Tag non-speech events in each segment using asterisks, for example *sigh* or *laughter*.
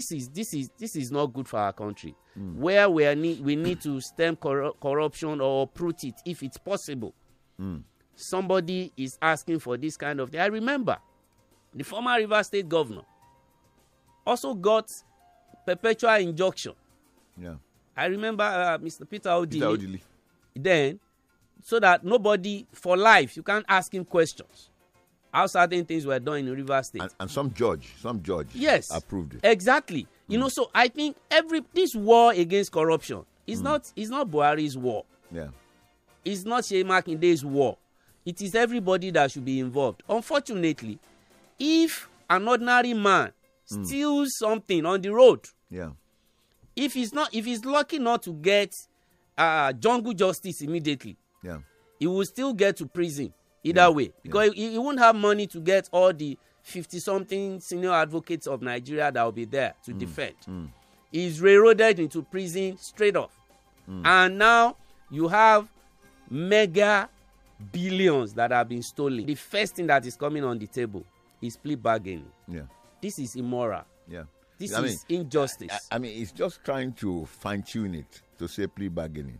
this is this is this is not good for our country mm. where we are need we need to stem cor- corruption or uproot it if it's possible mm. somebody is asking for this kind of thing i remember the former river state governor also got perpetual injunction yeah. i remember uh, mr peter odili then so that nobody for life you can't ask him questions how certain things were done in Rivers State. And, and some judge, some judge, yes, approved it. Exactly. Mm. You know, so I think every this war against corruption is mm. not is not Buhari's war. Yeah. It's not Shea Makinde's war. It is everybody that should be involved. Unfortunately, if an ordinary man mm. steals something on the road, yeah. if he's not if he's lucky not to get uh, jungle justice immediately, yeah. he will still get to prison either yeah. way because yeah. he, he won't have money to get all the 50 something senior advocates of Nigeria that will be there to mm. defend. Mm. He's railroaded into prison straight off. Mm. And now you have mega billions that have been stolen. The first thing that is coming on the table is plea bargaining. Yeah. This is immoral. Yeah. This I is mean, injustice. I, I mean, it's just trying to fine tune it to say plea bargaining.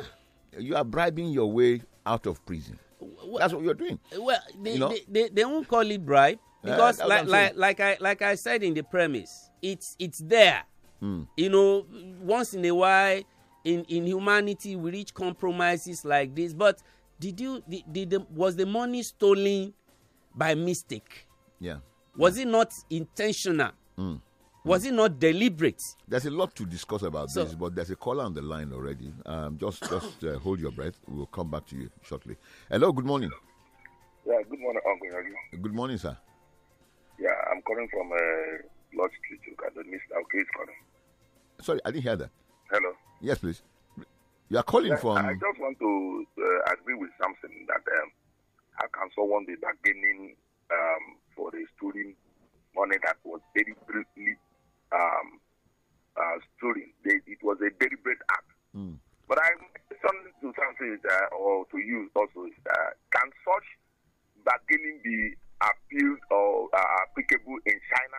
*sighs* you are bribing your way out of prison. Well, That's what you're doing. Well, they, you know? they, they, they, won't call it bribe because, uh, like, like, like, I, like I said in the premise, it's, it's there. Mm. You know, once in a while, in, in humanity, we reach compromises like this. But did you, did, did the, was the money stolen by mistake? Yeah. Was yeah. it not intentional? Mm. Was it not deliberate? There's a lot to discuss about so, this, but there's a caller on the line already. Um, just just uh, hold your breath. We'll come back to you shortly. Hello, good morning. Yeah, good morning, Uncle Yogi. Good morning, sir. Yeah, I'm calling from uh, Lodge Street, Okado. Mr. Okay, it's calling. Sorry, I didn't hear that. Hello. Yes, please. You are calling yeah, from. I just want to uh, agree with something that um, how can someone be bargaining um, for the student money that was very um, uh, stolen. They, it was a deliberate act. Mm. But I mentioned to something uh, or to you also uh, can such bargaining be appealed or uh, applicable in China?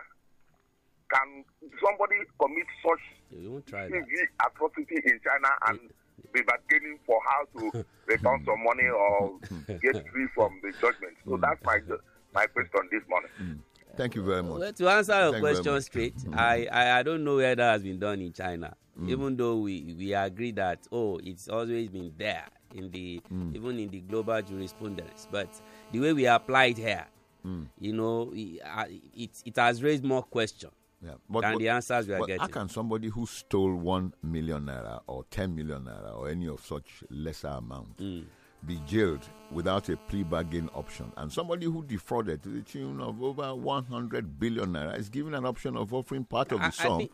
Can somebody commit such atrocity in China and it, be bargaining for how to *laughs* return some money or *laughs* get free from the judgment? So mm. that's my *laughs* my question this morning. Mm. Thank you very much. Well, to answer your Thank question you straight, mm-hmm. I, I, I don't know where that has been done in China. Mm. Even though we, we agree that oh, it's always been there in the mm. even in the global jurisprudence, but the way we apply it here, mm. you know, it, it, it has raised more questions. Yeah, but, than the answers we are getting. How can somebody who stole one million naira or ten million naira or any of such lesser amount? Mm be jailed without a plea bargain option. And somebody who defrauded to the tune of over 100 billion naira is given an option of offering part of the sum.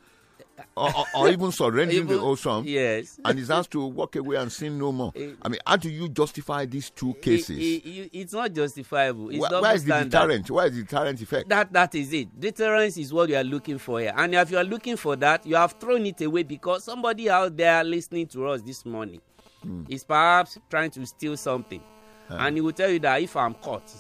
or, or, or, even *laughs* surrendering even, the whole sum, yes, and is asked to walk away and sin no more. It, eh, I mean, how do you justify these two eh, cases? It, eh, it, it's not justifiable. It's why, why is the deterrent? Why is the deterrent effect? That that is it. Deterrence is what you are looking for here, and if you are looking for that, you have thrown it away because somebody out there listening to us this morning mm. is perhaps trying to steal something. Uh. And he will tell you that if I'm caught,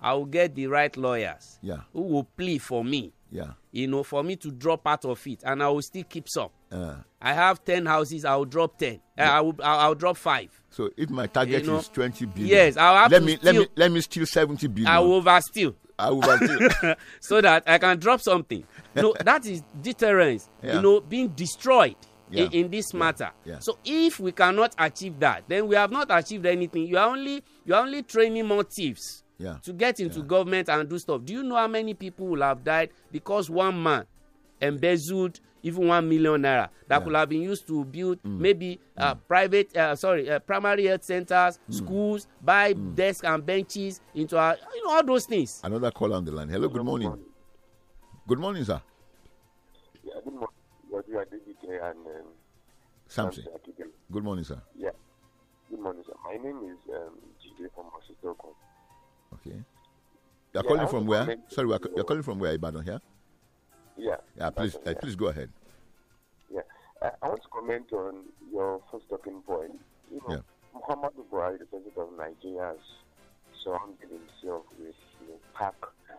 I will get the right lawyers yeah. who will plea for me. Yeah. You know, for me to drop part of it, and I will still keep some. Uh. I have ten houses. I will drop ten. Uh, yeah. I will. I will drop five. So if my target you know, is twenty billion, yes, I'll have let me steal, let me let me steal seventy billion. I will oversteal. I will oversteal. *laughs* so that I can drop something. No, that is deterrence. Yeah. You know, being destroyed yeah. in, in this yeah. matter. Yeah. So if we cannot achieve that, then we have not achieved anything. You are only you are only training more thieves yeah. to get into yeah. government and do stuff. Do you know how many people will have died because one man embezzled even one million naira that yeah. could have been used to build mm. maybe uh, mm. private, uh, sorry, uh, primary health centers, mm. schools, buy mm. desks and benches into our, you know, all those things. Another call on the line. Hello, good morning. Good morning, sir. Yeah, good morning. Waziri Adebike and um, Samson. Samson Good morning, sir. Yeah. Good morning, sir. My name is um, Jide from Ositoko. Okay. You're yeah, calling from where? Sorry, you're calling from where, Ibadan, here? Yeah? yeah? Yeah, please, uh, yeah. Uh, please go ahead. Yeah. I, uh, I want to comment on your first talking point. You know, yeah. Muhammad Buhari, the president of Nigeria, has surrounded himself with a pack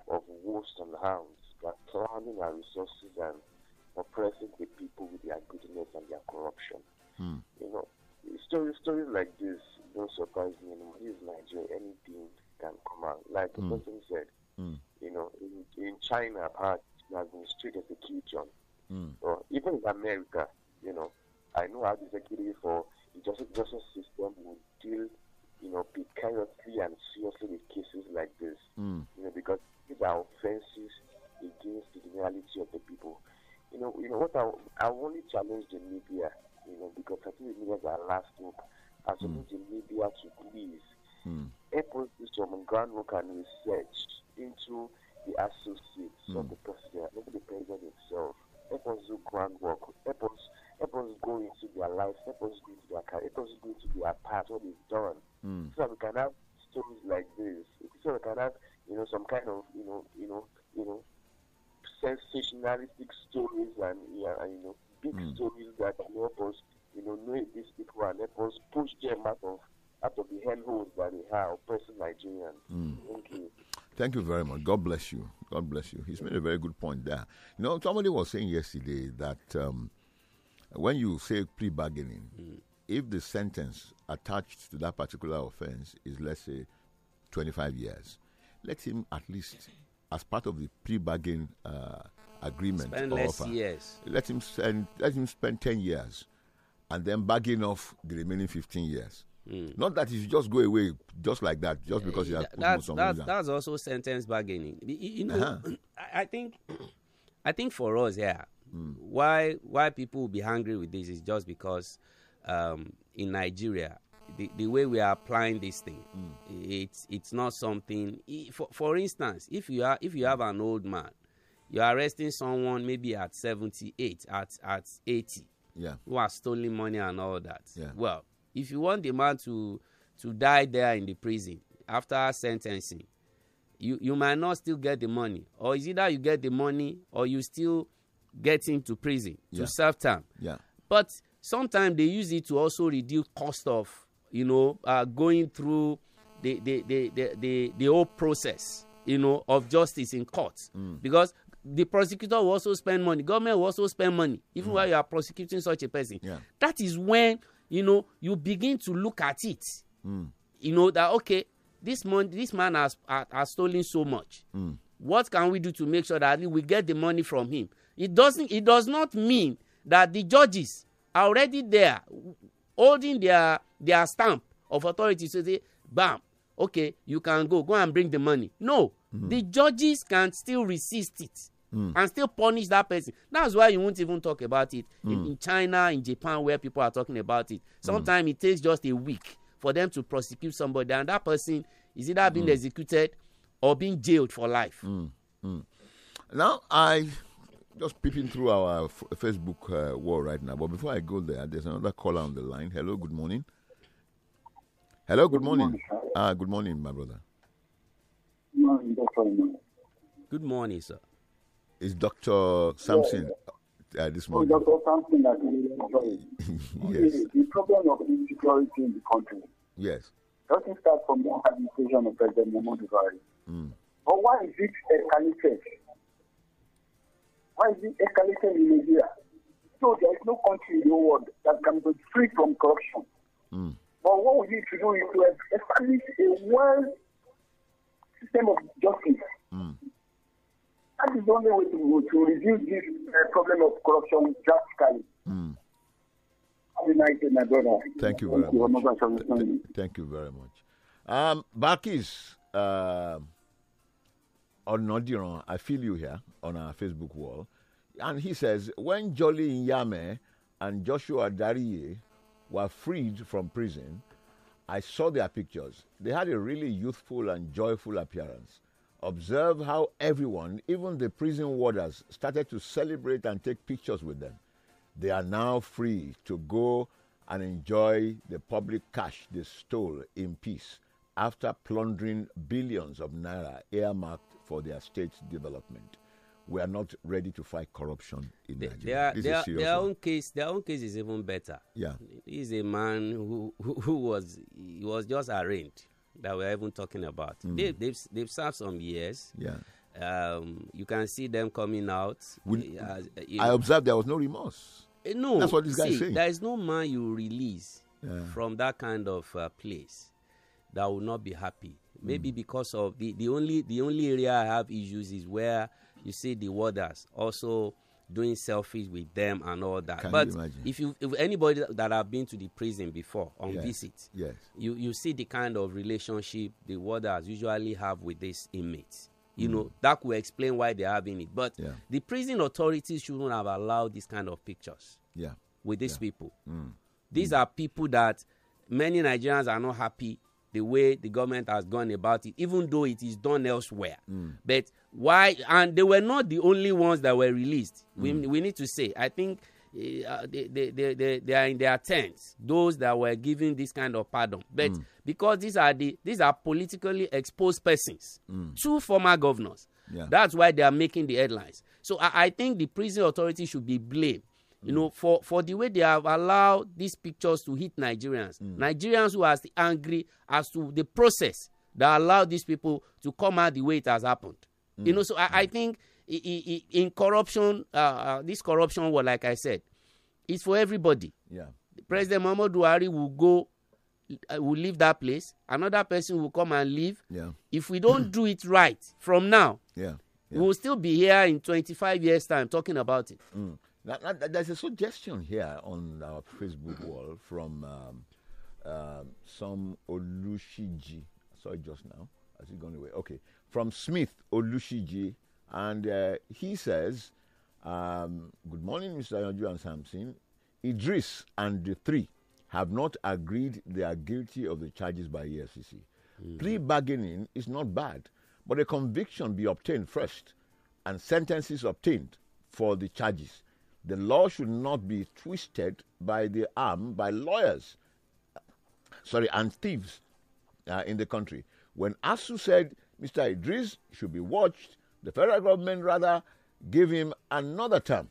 of wolves and hounds that surrounding our resources and oppressing the people with their goodness and their corruption. Hmm. You know, stories stories like this don't surprise me anymore. This Nigeria, anything can come out. Like mm. the hmm. person said, hmm. you know, in, in China, art has been strict execution. Mm. Or even in America, you know, I know how the security for the justice, justice system will deal, you know, precariously and seriously with cases like this. Hmm. You know, because these are offenses against the generality of the people you know, you know what I I only challenge the media, you know, because I think the media are last hope. I hmm. challenge mm. the media to please mm. help us do some groundwork and research into the associates mm. of hmm. the president, not the president himself. Help us do groundwork. Help us help us go into their lives. Help us go into their career. Help us go into their past, what they've done, mm. so that we can have stories like this. So we can have you know some kind of you know you know you know sensationalistic stories and, yeah, you know big mm. stories that can help us, you know, know these people and help us push them out of out of the holes that they have oppressing Nigerians. Mm. Thank you. Thank you very much. God bless you. God bless you. He's made a very good point there. You know, somebody was saying yesterday that um, when you say plea bargaining, mm. if the sentence attached to that particular offense is, let's say, 25 years, let him at least as part of the pre-bargain uh, agreement spend or offer. Years. Let him spend, let him spend ten years, and then bargain off the remaining fifteen years. Mm. Not that he just go away just like that, just because he has. that, put that, That's also sentence bargaining. You know, uh-huh. *clears throat* I think, *clears throat* I think for us, yeah, mm. why why people will be angry with this is just because um, in Nigeria the, the way we are applying this thing mm. it's it's not something for, for instance if you are if you have an old man you are arresting someone maybe at 78 at at 80 yeah who has stolen money and all that yeah. well if you want the man to to die there in the prison after sentencing you you might not still get the money or is either you get the money or you still get him to prison yeah. to serve time yeah but sometimes they use it to also reduce cost of you know, uh, going through the, the, the, the, the, the, whole process, you know, of justice in court. Mm. Because the prosecutor will also spend money, government will also spend money, even mm. while you are prosecuting such a person. Yeah. That is when, you know, you begin to look at it. Mm. You know, that, okay, this, mon- this man has, has, has stolen so much. Mm. What can we do to make sure that we get the money from him? It doesn't. It does not mean that the judges are already there holding their their stamp of authority so say bam okay you can go go and bring the money no mm. the judges can still resist it mm. and still punish that person that's why you won't even talk about it mm. in, hmm. in china in japan where people are talking about it sometimes mm. it takes just a week for them to prosecute somebody and that person is either being mm. executed or being jailed for life. Mm. Mm. Now I just peeping through our f- Facebook uh, wall right now. But before I go there, there's another caller on the line. Hello, good morning. Hello, good, good morning. morning ah, good morning, my brother. Good morning, Good morning, sir. Is Doctor Sampson yeah. uh, this oh, morning? Oh, Doctor Sampson, *laughs* yes. The, the problem of insecurity in the country. Yes. Doesn't start from the administration of President Muhammadu Buhari. Mm. But why is it escalated? why is it escalating in Nigeria? So there is no country in the world that can be free from corruption. Mm. But what we need to do is to establish a well system of justice. Mm. That is the only way to, to reduce this uh, problem of corruption drastically. Mm. Thank you very much. thank you very much. Um, uh, on I feel you here on our Facebook wall. And he says, when Jolly Nyame and Joshua Dariye were freed from prison, I saw their pictures. They had a really youthful and joyful appearance. Observe how everyone, even the prison warders, started to celebrate and take pictures with them. They are now free to go and enjoy the public cash they stole in peace after plundering billions of naira earmarked for their state development. We are not ready to fight corruption in the, Nigeria. Their, their, their own case, their own case is even better. Yeah, he's a man who, who, who was he was just arraigned that we're even talking about. Mm. They, they've they've served some years. Yeah. Um, you can see them coming out. uh, I observed there was no remorse. Uh, no, that's what this guy saying. There is no man you release yeah. from that kind of uh, place that will not be happy Maybe mm. because of the, the only the only area I have issues is where you see the warders also doing selfies with them and all that. Can but you if you if anybody that have been to the prison before on yes. visit, yes, you you see the kind of relationship the warders usually have with these inmates. You mm. know that will explain why they're having it. But yeah. the prison authorities shouldn't have allowed this kind of pictures. Yeah, with these yeah. people, mm. these mm. are people that many Nigerians are not happy the way the government has gone about it, even though it is done elsewhere. Mm. But why? And they were not the only ones that were released. Mm. We, hmm. we need to say, I think eh, uh, they, they, they, they, are in their tents, those that were given this kind of pardon. But mm. because these are, the, these are politically exposed persons, hmm. two former governors, yeah. that's why they are making the headlines. So I, I think the prison authority should be blamed You know, for, for the way they have allowed these pictures to hit Nigerians, mm. Nigerians who are angry as to the process that allowed these people to come out the way it has happened. You mm. know, so I, I think in corruption, uh, uh, this corruption war, like I said, is for everybody. Yeah. President Muhammadu Buhari will go, uh, will leave that place. Another person will come and leave. Yeah. If we don't do it right from now, yeah. yeah. we will still be here in twenty-five years' time talking about it. Mm. Now, now, there's a suggestion here on our Facebook mm-hmm. wall from um, um, some Olushiji. I saw it just now. Has it gone away? Okay. From Smith Olushiji. And uh, he says, um, Good morning, Mr. Yonju and Samson. Idris and the three have not agreed they are guilty of the charges by EFCC. Mm. Mm-hmm. Plea bargaining is not bad, but a conviction be obtained first and sentences obtained for the charges the law should not be twisted by the arm um, by lawyers, sorry, and thieves uh, in the country. When ASU said Mr. Idris should be watched, the federal government rather gave him another term.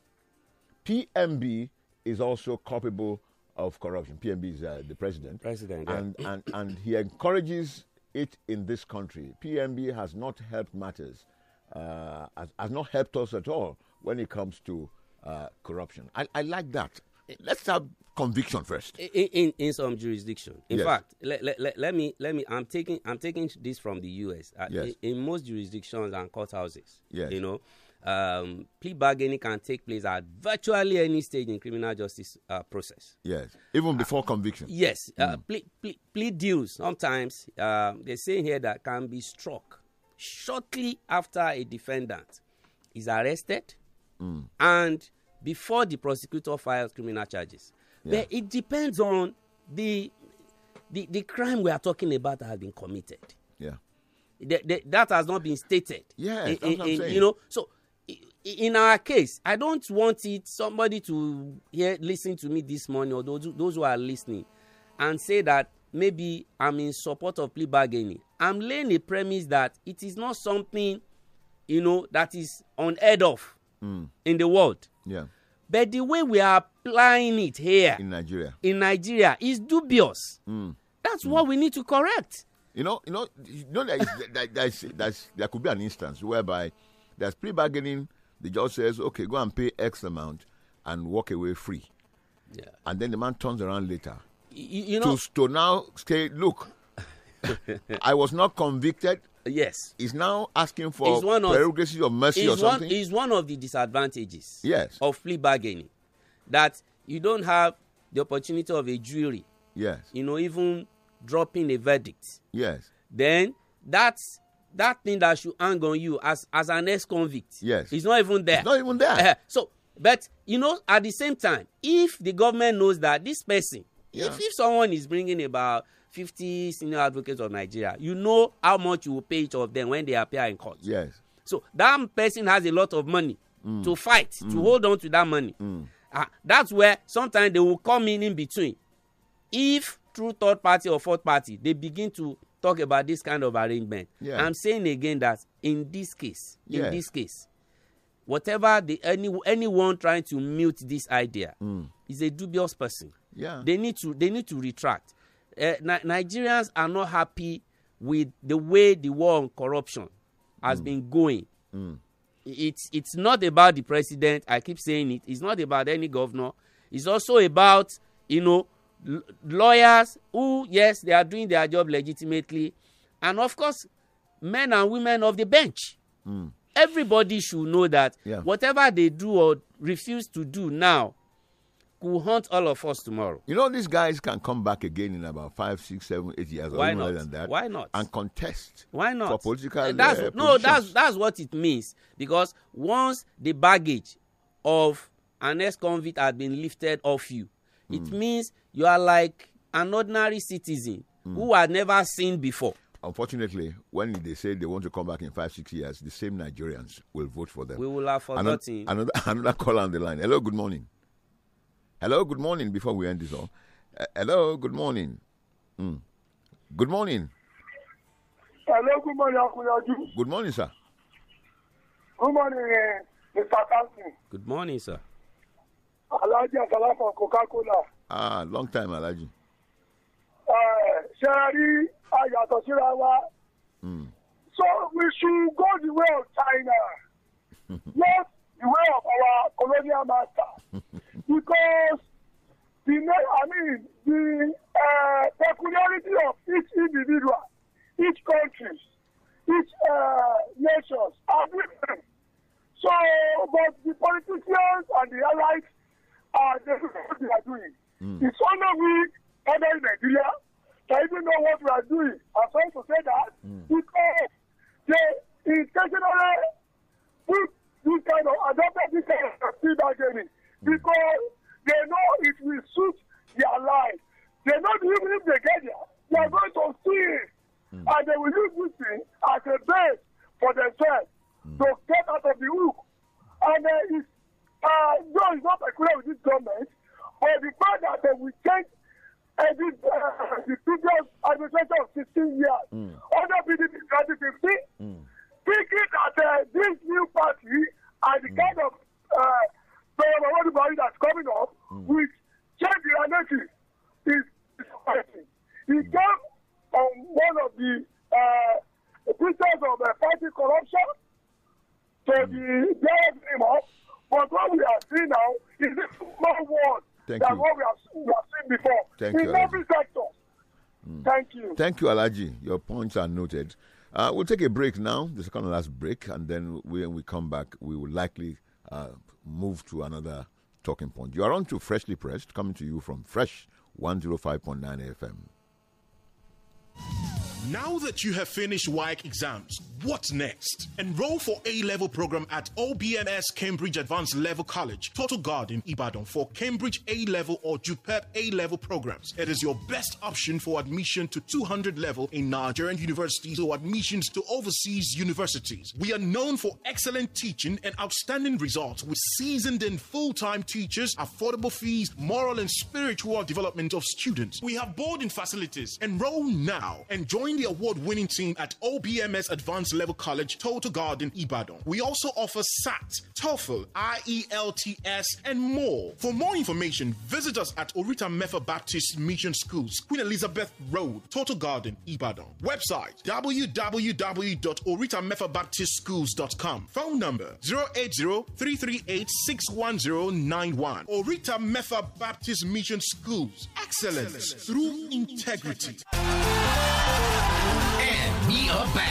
PMB is also culpable of corruption. PMB is uh, the president. President, and, yeah. and and he encourages it in this country. PMB has not helped matters, uh, has, has, not helped us at all when it comes to uh, corruption. I, I like that. Let's have conviction first. In, in, in some jurisdiction, in yes. fact, let, let, let, me let me. I'm taking I'm taking this from the U.S. Uh, yes. in, in, most jurisdictions and courthouses, yes. you know, um, plea bargaining can take place at virtually any stage in criminal justice uh, process. Yes, even before uh, conviction. Yes, uh, mm. plea, plea, plea, deals sometimes uh, they say here that can be struck shortly after a defendant is arrested Mm. And before the prosecutor files criminal charges. Yeah. But it depends on the, the the crime we are talking about that has been committed. Yeah. The, the, that has not been stated. Yeah, in, am in, you know. So in our case, I don't want it somebody to hear listen to me this morning or those those who are listening, and say that maybe I'm in support of plea bargaining. I'm laying a premise that it is not something, you know, that is unheard of mm. in the world. Yeah. But the way we are applying it here in Nigeria, in Nigeria, is dubious. Mm. That's mm. what we need to correct. You know, you know, you know. There, there could be an instance whereby there's pre-bargaining. The judge says, "Okay, go and pay X amount and walk away free." Yeah. And then the man turns around later. You, you know, to, to now say, "Look, I was not convicted. Yes. He's now asking for one of, prerogative of mercy or something. One, is one of the disadvantages yes. of plea bargaining that you don't have the opportunity of a jury. Yes. You know, even dropping a verdict. Yes. Then that's that thing that should hang on you as as an ex-convict. Yes. It's not even there. It's not even there. Uh, so, but you know, at the same time, if the government knows that this person, yeah. if, if someone is bringing about fifty senior advocates of nigeria you know how much you will pay each of them when they appear in court. yes. so that person has a lot of money. Mm. to fight mm. to hold on to that money. Mm. Uh, that's where sometimes they will come in in between if through third party or fourth party they begin to talk about this kind of arrangement. Yeah. i'm saying again that in this case yeah. in this case whatever the any anyone trying to mute this idea mm. is a dubious person. Yeah. they need to they need to retract Eh, Nigerians are not happy with the way the war on corruption has mm. been going. Mm. It's it's not about the president. I keep saying it. It's not about any governor. It's also about you know lawyers who yes they are doing their job legitimately, and of course men and women of the bench. Mm. Everybody should know that yeah. whatever they do or refuse to do now will haunt all of us tomorrow. You know, these guys can come back again in about five, six, seven, eight years Why or more than that. Why not? And contest. Why not? For political. Uh, that's, uh, no, that's that's what it means. Because once the baggage of an ex-convict has been lifted off you, mm. it hmm. means you are like an ordinary citizen mm. who hmm. had never seen before unfortunately, when they say they want to come back in five, six years, the same Nigerians will vote for them. We will have forgotten. Another, *laughs* another, another call on the line. Hello, good morning. Hello, good morning. Before we end this all, uh, hello, good morning. Mm. Good morning. Hello, good morning, Good morning, sir. Good morning, uh, Mr. Tansi. Good morning, sir. Alhaji Asala from Coca-Cola. Ah, long time, Alhaji. Eh, ṣé ẹ rí àyàtọ̀ síra wa? Hmm. So we should go the way of China, not *laughs* the way of our colonial master. *laughs* because the I mean the uh, peculiarity of each individual, each country, each uh, nation are different. So, but the politicians and the allies are doing what they are doing. Mm. It's only we, other Nigeria, that even know what we are doing. I'm sorry to say that mm. because they intentionally put this kind of adopted this kind of feedback in because they know it will suit their life. They know even if they get there, they are going to steal. Mm. And they will use this thing as a base for themselves mm. to get out of the hook. And uh, it's, uh, no, it's not peculiar with this government, but the fact that they will change uh, this, uh, the previous administration of 16 years mm. under PDP 2015, mm. thinking that uh, this new party and the mm. kind of uh, so what about you that's coming up mm. with check reality is fighting. He hmm. came on one of the uh, pictures of uh, fighting corruption. to mm. the bears him up. But what we are seeing now is more worse than you. what we have, we have seen before Thank in you, every sector. Mm. Thank you. Thank you, Alaji. Your points are noted. Uh, we'll take a break now, the second and last break, and then when we come back, we will likely uh, move to another talking point. You are on to Freshly Pressed, coming to you from Fresh 105.9 FM. Now that you have finished WIC exams, What's next? Enroll for A-level program at OBMS Cambridge Advanced Level College, Total Garden, Ibadan for Cambridge A-level or JUPEP A-level programs. It is your best option for admission to 200 level in Nigerian universities or admissions to overseas universities. We are known for excellent teaching and outstanding results with seasoned and full-time teachers, affordable fees, moral and spiritual development of students. We have boarding facilities. Enroll now and join the award-winning team at OBMS Advanced level college, Total Garden, Ibadan. We also offer SAT, TOEFL, IELTS, and more. For more information, visit us at Orita Mefa Baptist Mission Schools, Queen Elizabeth Road, Total Garden, Ibadan. Website www.oritamefabaptistschools.com. Phone number 080-338-61091. Orita Mefa Baptist Mission Schools. Excellence, Excellence. through integrity me a back.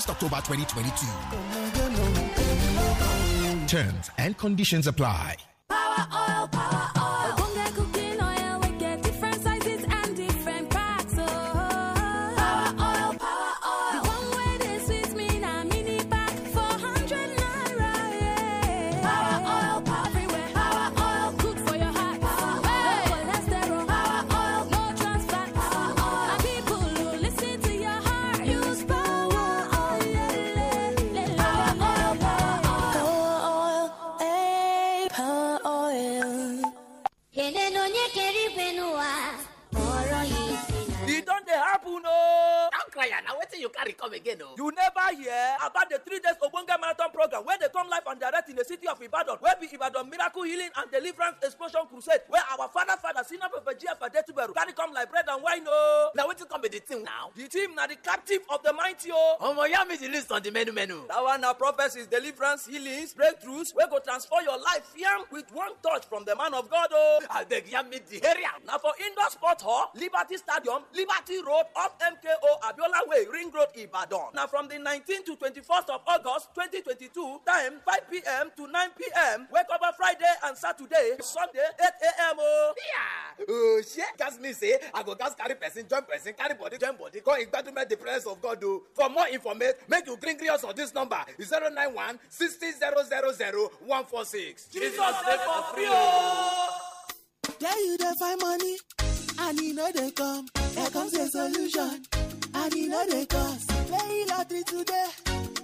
1st October 2022. Terms and conditions apply. Power oil, power oil. miracle healing and deliverance explosion crusade where our father, father, senior prophet, GF, Adetuberu, can come like bread and wine, oh. Now with the team now. The team now, the captive of the mighty Oh Ọmọ yam is the list on the menu menu. That one na prophecies, deliverance, healings, breakthroughs We go transform your life yam with one touch from the man of God oh. I beg yam me the area. Now for indoor sport hall, Liberty Stadium, Liberty Road, off MKO Abiola Way, Ring Road, Ibadan. Now from the 19th to 21st of August 2022, time 5 p.m. to 9 p.m. Wake up on Friday and Saturday, Sunday 8 a.m. Oh, Yeah. Oh, shey gas me say I go gas carry person join person carry body join body come igbadume the presence of God o oh. for more information make you gree gree us on this number zero nine one sixty zero zero zero one four six. Jesus dey for free o. Oh. There you don't find money and e know they come, there comes a solution and e know they cost. Play lottery today,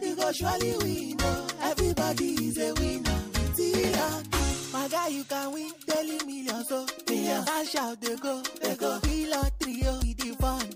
you e go surely win o. Oh. Everybody is a winner with e My guy, you can win daily millions, so millions. I out, they go, they go. Be lottery, oh, with the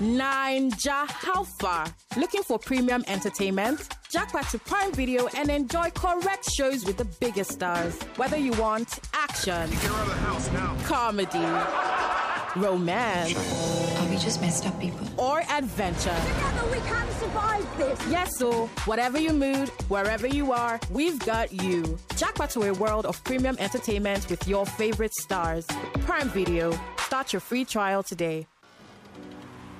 Ninja, how far? Looking for premium entertainment? Jackpot to Prime Video and enjoy correct shows with the biggest stars. Whether you want action, comedy, romance, have we just messed up people? Or adventure. Together we can survive this. Yes, so whatever your mood, wherever you are, we've got you. Jackpot to a world of premium entertainment with your favorite stars. Prime Video. Start your free trial today.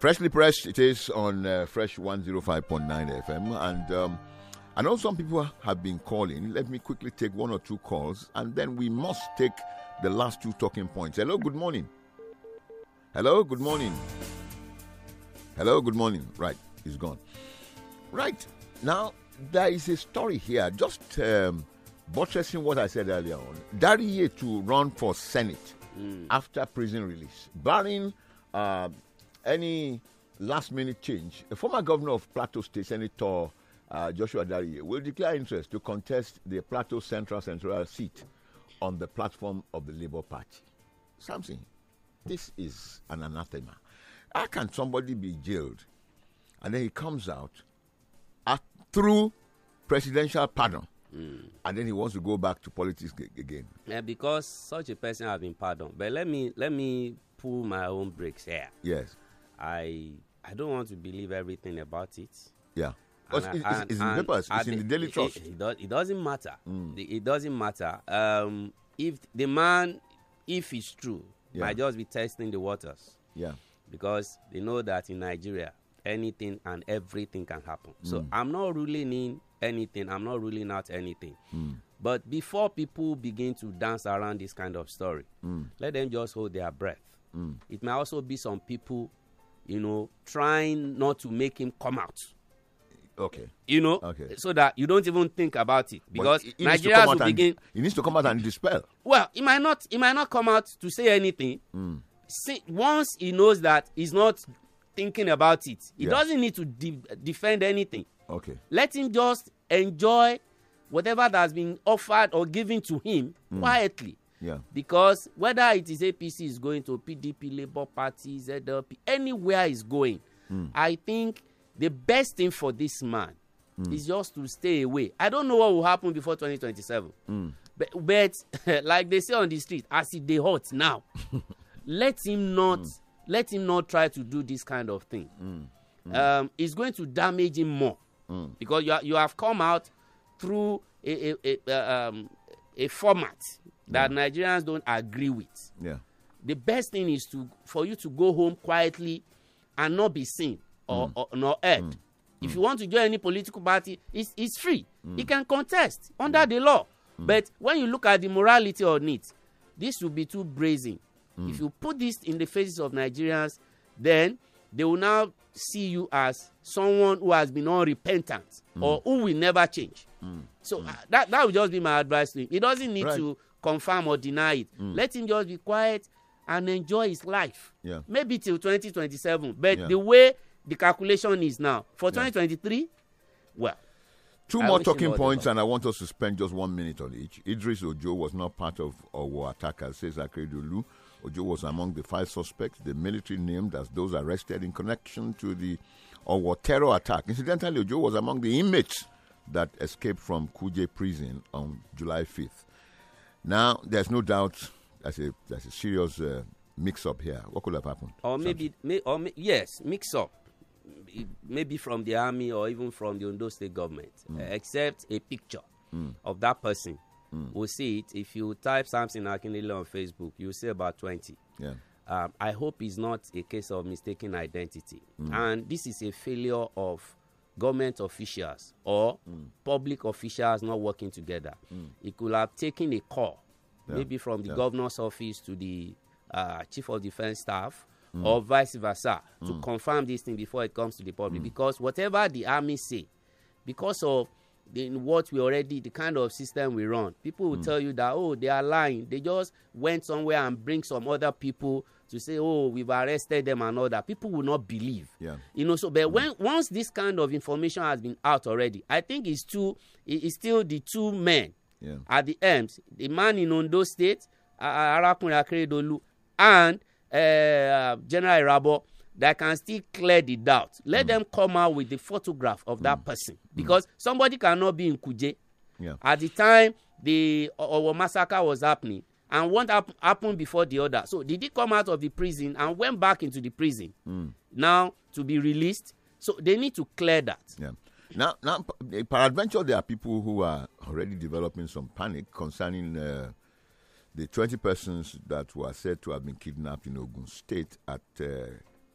Freshly pressed, it is on uh, Fresh 105.9 FM. And um, I know some people have been calling. Let me quickly take one or two calls, and then we must take the last two talking points. Hello, good morning. Hello, good morning. Hello, good morning. Right, he's gone. Right, now there is a story here, just um, buttressing what I said earlier on. Dariye to run for Senate mm. after prison release, barring. Uh, any last minute change, a former governor of Plateau State, Senator uh, Joshua Darie, will declare interest to contest the Plateau Central Central seat on the platform of the Labour Party. Something. This is an anathema. How can somebody be jailed and then he comes out at, through presidential pardon? Mm. and then he wants to go back to politics again. Yeah, because such a person has been pardoned. But let me let me pull my own brakes here. Yes. I I don't want to believe everything about it. Yeah. it's, it's, it's and, in papers. It's in the, Daily Trust. It, it, does, it doesn't matter. Mm. It doesn't matter. Um, if the man, if it's true, yeah. might just be testing the waters. Yeah. Because they know that in Nigeria, anything and everything can happen. Mm. So I'm not ruling in anything. I'm not ruling out anything. Mm. But before people begin to dance around this kind of story, mm. let them just hold their breath. Mm. It may also be some people you know, trying not to make him come out. Okay. You know, okay. so that you don't even think about it because Nigeria will begin. He needs to come out and dispel. Well, he might not. He might not come out to say anything. Mm. See, once he knows that he's not thinking about it, he yeah. doesn't need to de defend anything. Okay. Let him just enjoy whatever that has been offered or given to him mm. quietly. Yeah. Because whether it is APC is going to PDP, Labour Party, ZLP, anywhere is going, mm. I think the best thing for this man mm. is just to stay away. I don't know what will happen before 2027. Mm. But, but *laughs* like they say on the street, as it they hot now, *laughs* let him not mm. let him not try to do this kind of thing. Hmm. Hmm. Um, it's going to damage him more hmm. because you, you have come out through a, a, a, um, a format that yeah. Nigerians don't agree with. Yeah. The best thing is to for you to go home quietly and not be seen or, mm. or not heard. Mm. If mm. you want to join any political party, it's, it's free. Mm. You can contest under mm. the law. Mm. But when you look at the morality on it, this will be too brazen. Mm. If you put this in the faces of Nigerians, then they will now see you as someone who has been unrepentant mm. or who will never change. Mm. So mm. Uh, that that would just be my advice to him. He doesn't need right. to confirm or deny it. Mm. Let him just be quiet and enjoy his life. Yeah. Maybe till 2027. But yeah. the way the calculation is now, for 2023, yeah. well. Two I more talking points, and I want us to spend just one minute on each. Idris Ojo was not part of our attackers, says Akeredolu. Ojo was among the five suspects the military named as those arrested in connection to the Owo terror attack. Incidentally, Ojo was among the inmates that escaped from Kuje prison on July 5th. Now, there's no doubt that's a, that's a serious uh, mix up here. What could have happened? Or maybe, may, or may, yes, mix up. Maybe from the army or even from the Ondo state government, mm. uh, except a picture mm. of that person. Mm. We'll see it. If you type Samson Akinlele on Facebook, you'll see about 20. Yeah. Um, I hope it's not a case of mistaken identity. Mm. And this is a failure of government officials or mm. public officials not working together. Mm. It could have taken a call, yeah. maybe from the yeah. governor's office to the uh, chief of defense staff mm. or vice versa, to mm. confirm this thing before it comes to the public. Mm. Because whatever the army say, because of in what we already the kind of system we run people will mm. tell you that oh they are lying they just went somewhere and bring some other people to say oh we've arrested them and all that people will not believe yeah. you know so but mm. when once this kind of information has been out already i think it's two it's still the two men yeah. at the ends the man in ondo state arakunrin akeredolu and uh, general irabo that can still clear the doubt. Let mm. them come out with the photograph of mm. that person mm. because mm. somebody cannot be in Kuje. Yeah. At the time the Owo massacre was happening, and one hap happened before the other. So did he come out of the prison and went back into the prison mm. now to be released? So they need to clear that. Yeah. Now, now, eh, peradventure, there are people who are already developing some panic concerning uh, the 20 persons that were said to have been kidnapped in Ogun State at uh,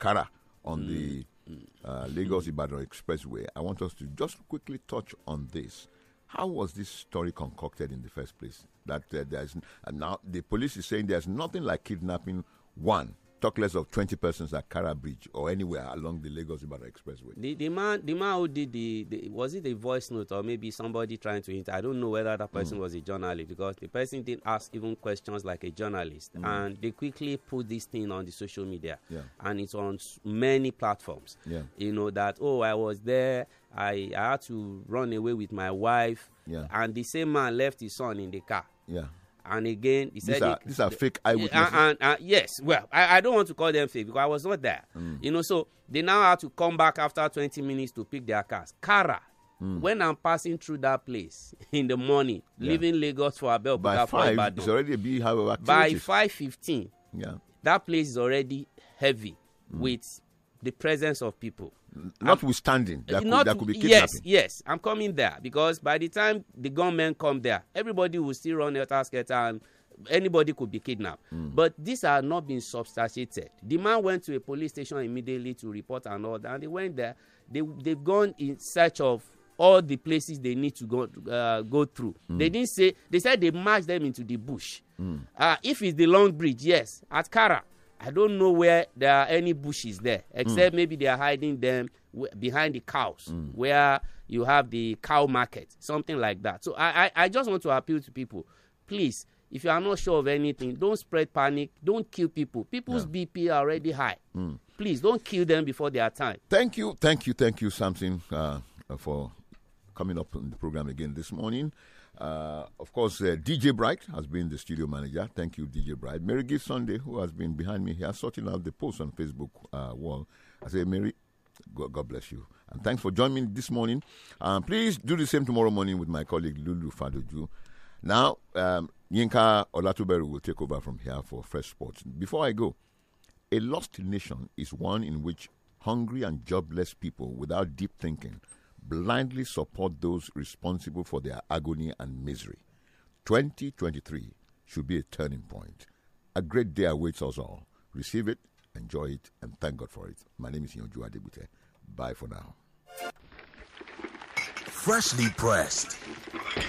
Okara on mm. the uh, Lagos Ibadan Expressway. I want us to just quickly touch on this. How was this story concocted in the first place? That uh, there's uh, now the police is saying there's nothing like kidnapping one talk less of 20 persons at Kara Bridge or anywhere along the Lagos Ibadan Expressway. The, the, man, the man who did the, the, was it a voice note or maybe somebody trying to hint? I don't know whether that person mm. was a journalist because the person didn't ask even questions like a journalist, mm. and they quickly put this thing on the social media, yeah. and it's on many platforms. Yeah. You know that oh, I was there. I, I had to run away with my wife, yeah. and the same man left his son in the car. Yeah And again, he these said are, these are fake eyewitnesses. And, and, yes, well, I, I, don't want to call them fake because I was not there. Mm. You know, so they now have to come back after twenty minutes to pick their cars. Kara, Mm. When I'm passing through that place *laughs* in the morning, yeah. leaving Lagos for Abel by five, it's already a big hub activity. By five fifteen, yeah, that place is already heavy mm. with the presence of people. Notwithstanding, that not, could, there could be kidnapping. Yes, yes, I'm coming there because by the time the gunmen come there, everybody will still run out skelter and anybody could be kidnapped. Mm. But these are not being substantiated. The man went to a police station immediately to report and all that. and they went there. They they've gone in search of all the places they need to go uh, go through. Mm. They didn't say they said they marched them into the bush. Mm. Uh, if it's the long bridge, yes, at Kara I don't know where there are any bushes there, except mm. maybe they are hiding them behind the cows, mm. where you have the cow market, something like that. So I, I, I just want to appeal to people, please, if you are not sure of anything, don't spread panic. Don't kill people. People's yeah. BP are already high. Mm. Please don't kill them before their time. Thank you, thank you, thank you, Samson, uh, for coming up on the program again this morning. Uh, of course, uh, DJ Bright has been the studio manager. Thank you, DJ Bright. Mary Gift Sunday, who has been behind me here, sorting out the posts on Facebook uh, wall. I say, Mary, God, God, bless you. And thanks for joining me this morning. Um, please do the same tomorrow morning with my colleague Lulu Fadoju. Now, um, Yinka Olatuberu will take over from here for Fresh Sports. Before I go, a lost nation is one in which hungry and jobless people without deep thinking – blindly support those responsible for their agony and misery. 2023 should be a turning point. A great day awaits us all. Receive it, enjoy it, and thank God for it. My name is Yonju Adebute. Bye for now. Freshly pressed.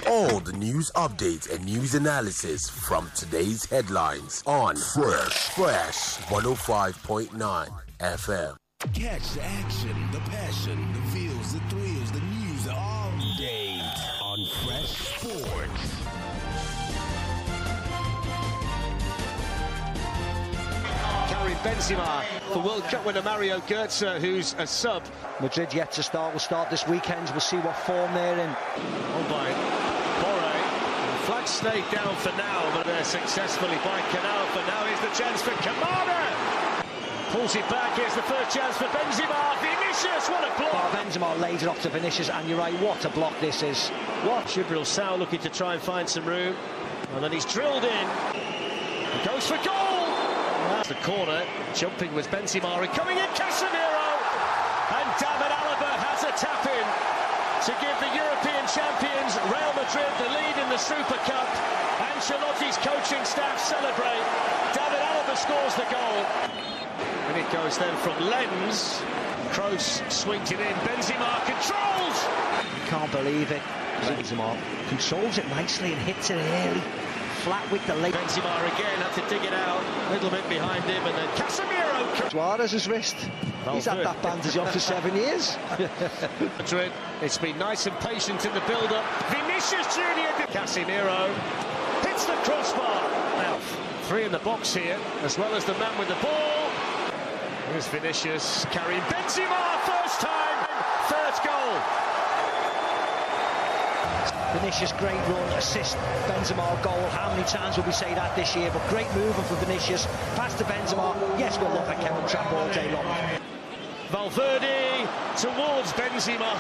All the news updates and news analysis from today's headlines on Fresh Fresh 105.9 FM. Catch the action, the passion, the feels, the thrills, the news all day on Fresh Sports. Karim Benzema for World Cup winner Mario Götze, who's a sub. Madrid yet to start. Will start this weekend. We'll see what form they're in. Oh by flag snake down for now, but they're successfully by Canal. For now, is the chance for Kamada pulls it back. Here's the first chance for Benzema. Vinicius, what a block! Well, Benzema lays it off to Vinicius, and you're right, what a block this is. What? Gibril Sao looking to try and find some room, and then he's drilled in. He goes for goal! That's the corner, jumping was Benzema, coming in Casemiro! And David Alaba has a tap-in to give the European champions Real Madrid the lead in the Super Cup. Ancelotti's coaching staff celebrate. David Alaba scores the goal. And it goes then from Lens. Kroos swings it in. Benzema controls! can't believe it. Benzema controls it nicely and hits it early. Flat with the leg. Benzema again had to dig it out. A little bit behind him and then Casemiro. Suarez's wrist. That'll He's had it. that bandage on for seven years. Madrid, *laughs* it's been nice and patient in the build-up. Vinicius Junior. Casemiro hits the crossbar. Now, three in the box here, as well as the man with the ball. Here's Vinicius carrying Benzema, first time, first goal. Vinicius, great run, assist, Benzema goal. How many times will we say that this year? But great movement for Vinicius. Pass to Benzema. Yes, we'll look at Kevin Trapp all day long. Valverde towards Benzema.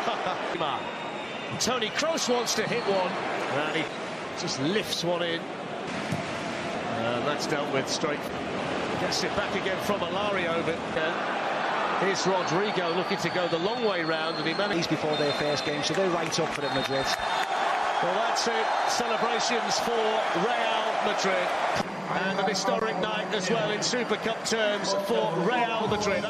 *laughs* Tony Kroos wants to hit one, and he just lifts one in. And uh, that's dealt with straight. Gets it back again from Alario, but uh, here's Rodrigo looking to go the long way round, and he manages before their first game, so they're right up for it, Madrid. Well, that's it. Celebrations for Real Madrid. And an historic night as well in Super Cup terms for Real Madrid.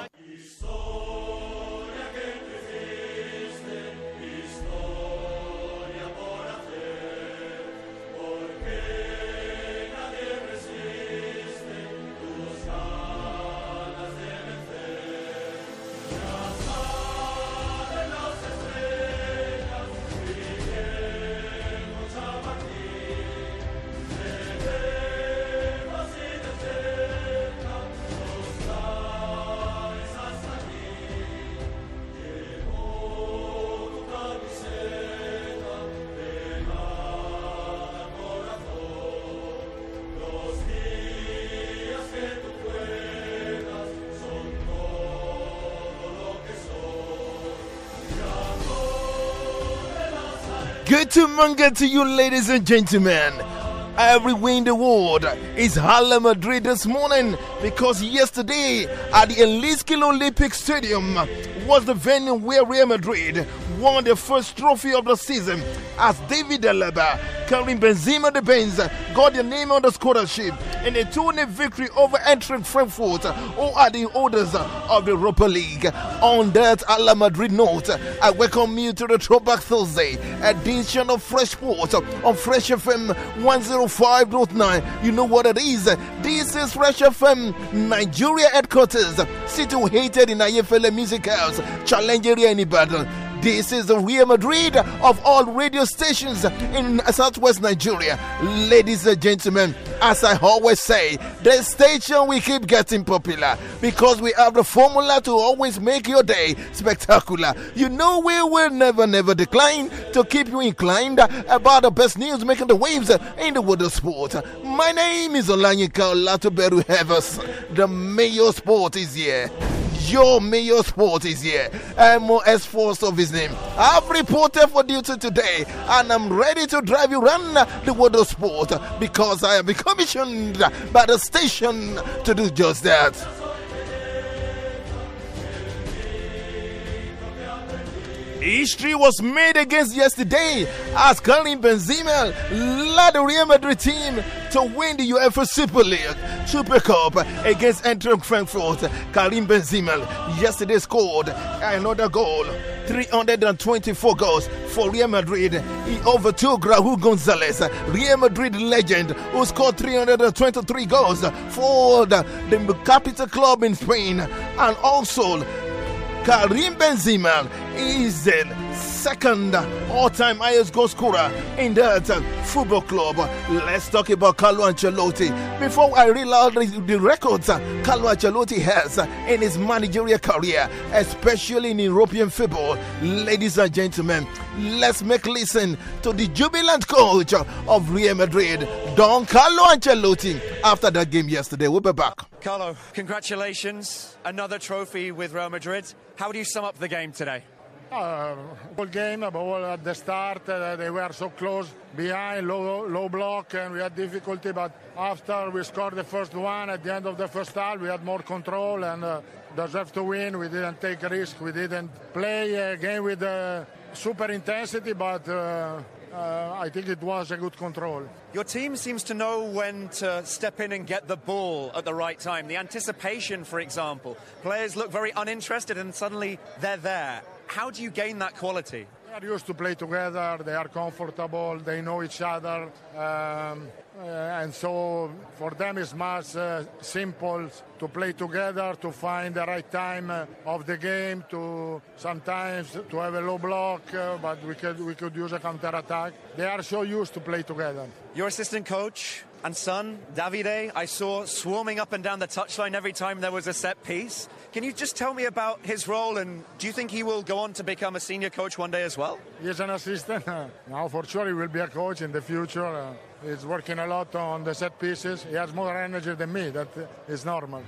To manga to you, ladies and gentlemen. Everywhere in the world is Harlem Madrid this morning because yesterday at the Eliskil Olympic Stadium was the venue where Real Madrid won the first trophy of the season as David Alaba, Karim Benzema De Benz got the name on the scholarship in a 2 0 victory over entering Frankfurt, who are the holders of the Europa League. On that Ala Madrid note, I welcome you to the Throwback Thursday edition of Fresh Water on Fresh FM 105.9. You know what it is. This is Fresh FM Nigeria headquarters, situated in Ayefele Music House, Challenge Area in Ibadan. This is the Real Madrid of all radio stations in southwest Nigeria. Ladies and gentlemen, as I always say, the station we keep getting popular because we have the formula to always make your day spectacular. You know, we will never, never decline to keep you inclined about the best news making the waves in the world of sport. My name is Olanyika Olatuberu Evers. The Mayo Sport is here. Your Mayo Sport is here. MOS Force of his name. I've reported for duty today and I'm ready to drive you around the world of sport because I have been commissioned by the station to do just that. History was made against yesterday as Karim Benzema led the Real Madrid team to win the UEFA Super League Super Cup against Eintracht Frankfurt. Karim Benzema yesterday scored another goal 324 goals for Real Madrid. He overtook Raul Gonzalez, Real Madrid legend, who scored 323 goals for the, the capital club in Spain. And also, Karim Benzema is second all-time highest goal scorer in the football club. Let's talk about Carlo Ancelotti. Before I read out the records Carlo Ancelotti has in his managerial career, especially in European football, ladies and gentlemen, let's make listen to the jubilant coach of Real Madrid, Don Carlo Ancelotti, after that game yesterday. We'll be back. Carlo, congratulations. Another trophy with Real Madrid. How do you sum up the game today? Uh, whole game, but all at the start, uh, they were so close behind, low, low block, and we had difficulty. But after we scored the first one at the end of the first half, we had more control and uh, deserved to win. We didn't take risk. We didn't play a game with uh, super intensity, but uh, uh, I think it was a good control. Your team seems to know when to step in and get the ball at the right time. The anticipation, for example. Players look very uninterested and suddenly they're there. How do you gain that quality? They are used to play together. They are comfortable. They know each other, um, uh, and so for them it's much uh, simple to play together, to find the right time uh, of the game, to sometimes to have a low block, uh, but we could we could use a counter attack. They are so used to play together. Your assistant coach and son, Davide, I saw swarming up and down the touchline every time there was a set piece. Can you just tell me about his role and do you think he will go on to become a senior coach one day as well? He's an assistant. *laughs* now, for sure, he will be a coach in the future. Uh, he's working a lot on the set pieces. He has more energy than me, that is normal.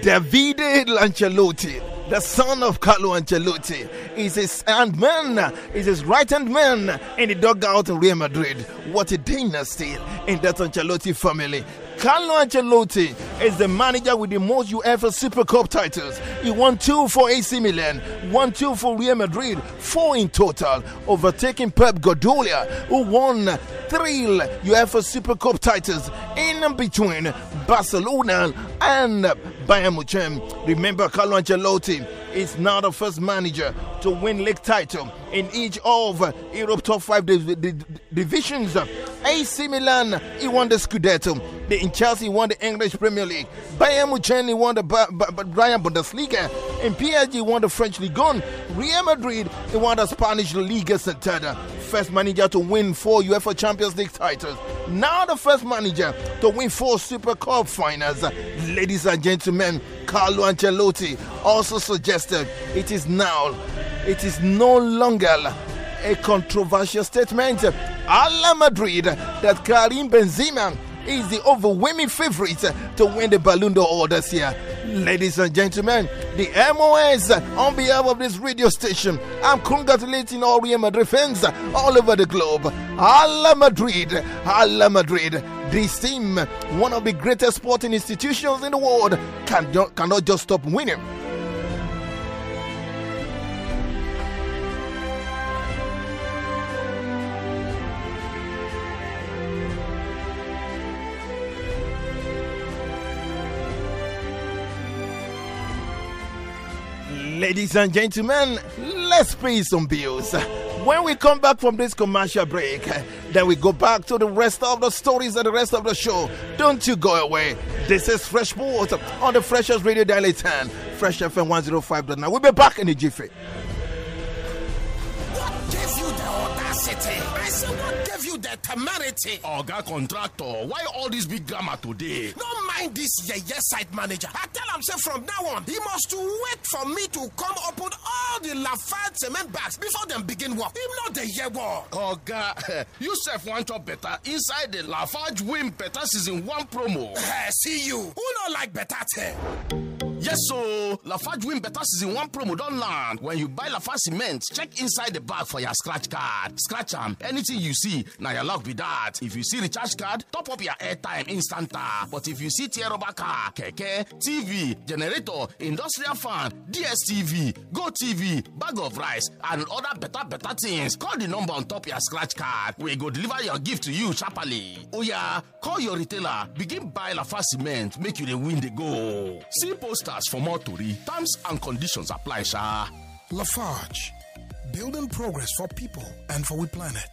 Davide Lancelotti the son of Carlo Ancelotti, is his hand man, is his right hand man in the dugout in Real Madrid. What a dynasty in that Ancelotti family. Carlo Ancelotti is the manager with the most UEFA Super Cup titles. He won two for AC Milan, one two for Real Madrid, four in total, overtaking Pep Guardiola, who won three UEFA Super Cup titles in between Barcelona and Bayern Munich. Remember, Carlo Ancelotti is now the first manager to win league title in each of Europe top five div- div- divisions. AC Milan, he won the Scudetto. in Chelsea, won the English Premier League. Bayern Munich won the ba- Bayern Bundesliga. And PSG won the French Ligue 1. Real Madrid, he won the Spanish Liga Santander. First manager to win four UEFA Champions League titles. Now the first manager to win four Super Cup finals ladies and gentlemen, Carlo Ancelotti also suggested it is now, it is no longer a controversial statement a Madrid that Karim Benzema is the overwhelming favorite to win the Ballon d'Or this year. Ladies and gentlemen, the MOS on behalf of this radio station, I'm congratulating all Real Madrid fans all over the globe. Hala Madrid, Hala Madrid. This team, one of the greatest sporting institutions in the world, cannot, cannot just stop winning. Ladies and gentlemen, let's pay some bills. When we come back from this commercial break, then we go back to the rest of the stories and the rest of the show. Don't you go away. This is Fresh Water on the Freshers Radio Daily 10, Fresh FM 105.9. We'll be back in a jiffy. capacity. I say, what gave you the temerity? Oga contractor, why all this big grammar today? Don't mind this yeye site manager. I tell him, say, from now on, he must wait for me to come open all the Lafayette cement bags before them begin work. Him not the year war. Oga, *laughs* you self want your better inside the Lafarge win better season one promo. Eh, see you. Who not like better thing? Yes, so Lafarge Win Better Season one promo don land. When you buy Lafarge Cement, check inside the bag for your scratch card. Scratch am, anything you see, now your luck be that. If you see recharge card, top up your airtime instanta. But if you see tear rubber car, keke, TV, generator, industrial fan, DSTV, Go TV, bag of rice, and other better better things, call the number on top your scratch card. We go deliver your gift to you sharply. Oh yeah, call your retailer, begin buy Lafarge Cement, make you the win the go. See poster stars for more Tori. Terms and conditions apply, sha. Lafarge, building progress for people and for the planet.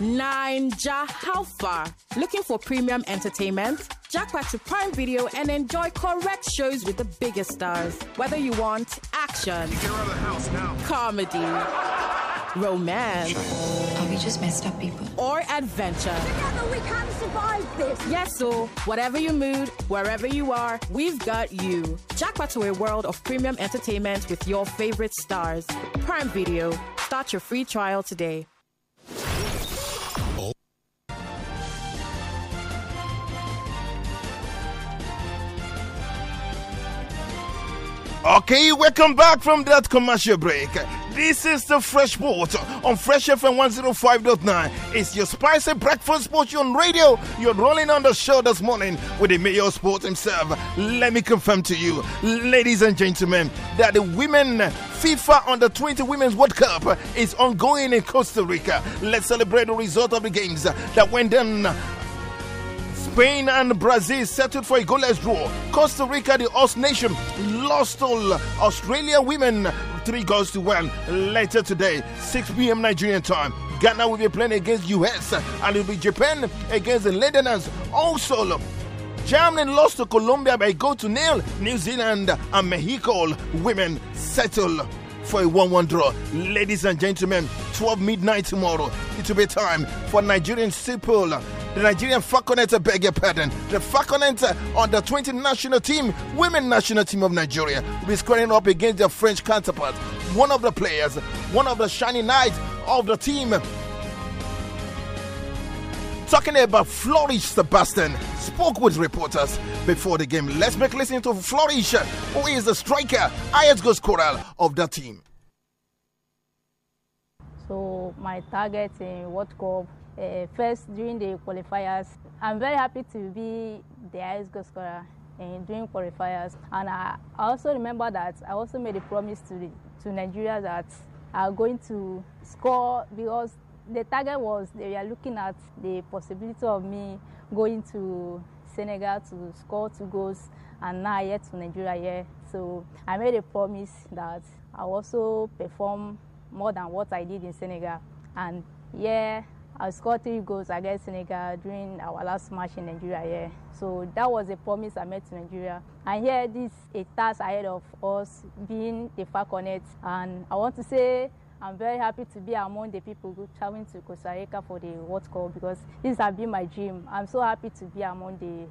Ninja, how far? Looking for premium entertainment? Jackpot to Prime Video and enjoy correct shows with the biggest stars. Whether you want action, you comedy, romance, have you just messed up people? Or adventure. Together we can survive this. Yes, so whatever your mood, wherever you are, we've got you. Jackpot to a world of premium entertainment with your favorite stars. Prime Video. Start your free trial today. Okay, welcome back from that commercial break. This is the Fresh water on Fresh FM 105.9. It's your spicy breakfast sport on radio. You're rolling on the show this morning with the mayor of sports himself. Let me confirm to you, ladies and gentlemen, that the women FIFA Under 20 Women's World Cup is ongoing in Costa Rica. Let's celebrate the result of the games that went down Spain and Brazil settled for a goalless draw. Costa Rica, the host nation, lost all Australia women three goals to one later today, 6 p.m. Nigerian time. Ghana will be playing against US and it'll be Japan against the Netherlands. Also, Germany lost to Colombia by a goal to nil. New Zealand and Mexico women settle for a 1 1 draw. Ladies and gentlemen, 12 midnight tomorrow, it will be time for Nigerian Super. The Nigerian Falconets, beg your pardon, the Falconets on the 20 national team, women national team of Nigeria, will be squaring up against their French counterpart. One of the players, one of the shining knights of the team, talking about Flourish Sebastian spoke with reporters before the game. Let's make listen to Flourish, who is the striker, highest goal scorer of that team. So my target in World Cup, uh, first during the qualifiers, I'm very happy to be the highest goal scorer in doing qualifiers. And I also remember that I also made a promise to, the, to Nigeria that I'm going to score because the target was they were looking at the possibility of me going to Senegal to score two goals, and now here to Nigeria here. So I made a promise that I also perform more than what I did in Senegal, and yeah. I scored three goals against Senegal during our last match in Nigeria here. So that was a promise I made to Nigeria. And here, yeah, this a task ahead of us, being the Falconet. And I want to say I'm very happy to be among the people traveling to Costa Rica for the World Cup because this has been my dream. I'm so happy to be among the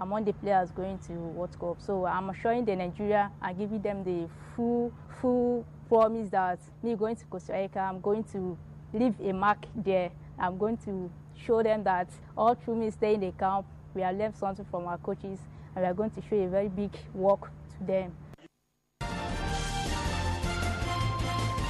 among the players going to World Cup. So I'm assuring the Nigeria and giving them the full full promise that me going to Costa Rica, I'm going to leave a mark there. I'm going to show them that all through me staying in the camp, we have learned something from our coaches and we are going to show a very big work to them.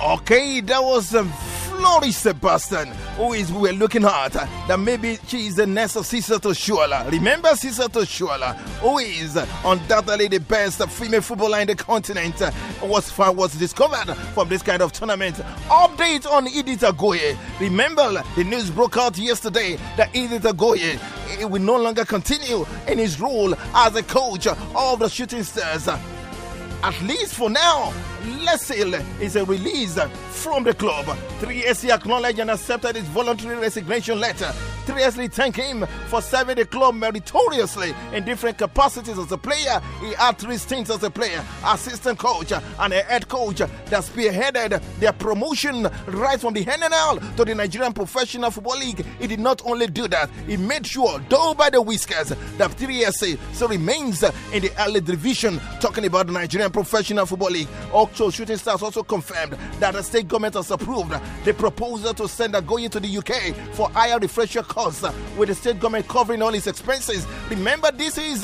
Okay, that was um, Flori Sebastian, who is we were looking at, uh, that maybe she is the next sister to Shuala. Remember sister to Shuala, who is uh, undoubtedly the best female footballer in the continent, uh, was was discovered from this kind of tournament. Update on Edith Agoye. Remember, the news broke out yesterday that Edith Agoye eh, will no longer continue in his role as a coach of the Shooting Stars. At least for now, Lesil is a release from the club. 3SC acknowledged and accepted his voluntary resignation letter. 3SC thank him for serving the club meritoriously in different capacities as a player. He had three stints as a player, assistant coach, and a head coach that spearheaded their promotion right from the NNL to the Nigerian Professional Football League. He did not only do that, he made sure, though by the whiskers, that 3SC still remains in the early division. Talking about the Nigerian Professional Football League. Okay actual shooting stars also confirmed that the state government has approved the proposal to send a going to the UK for higher refresher costs, with the state government covering all his expenses. Remember, this is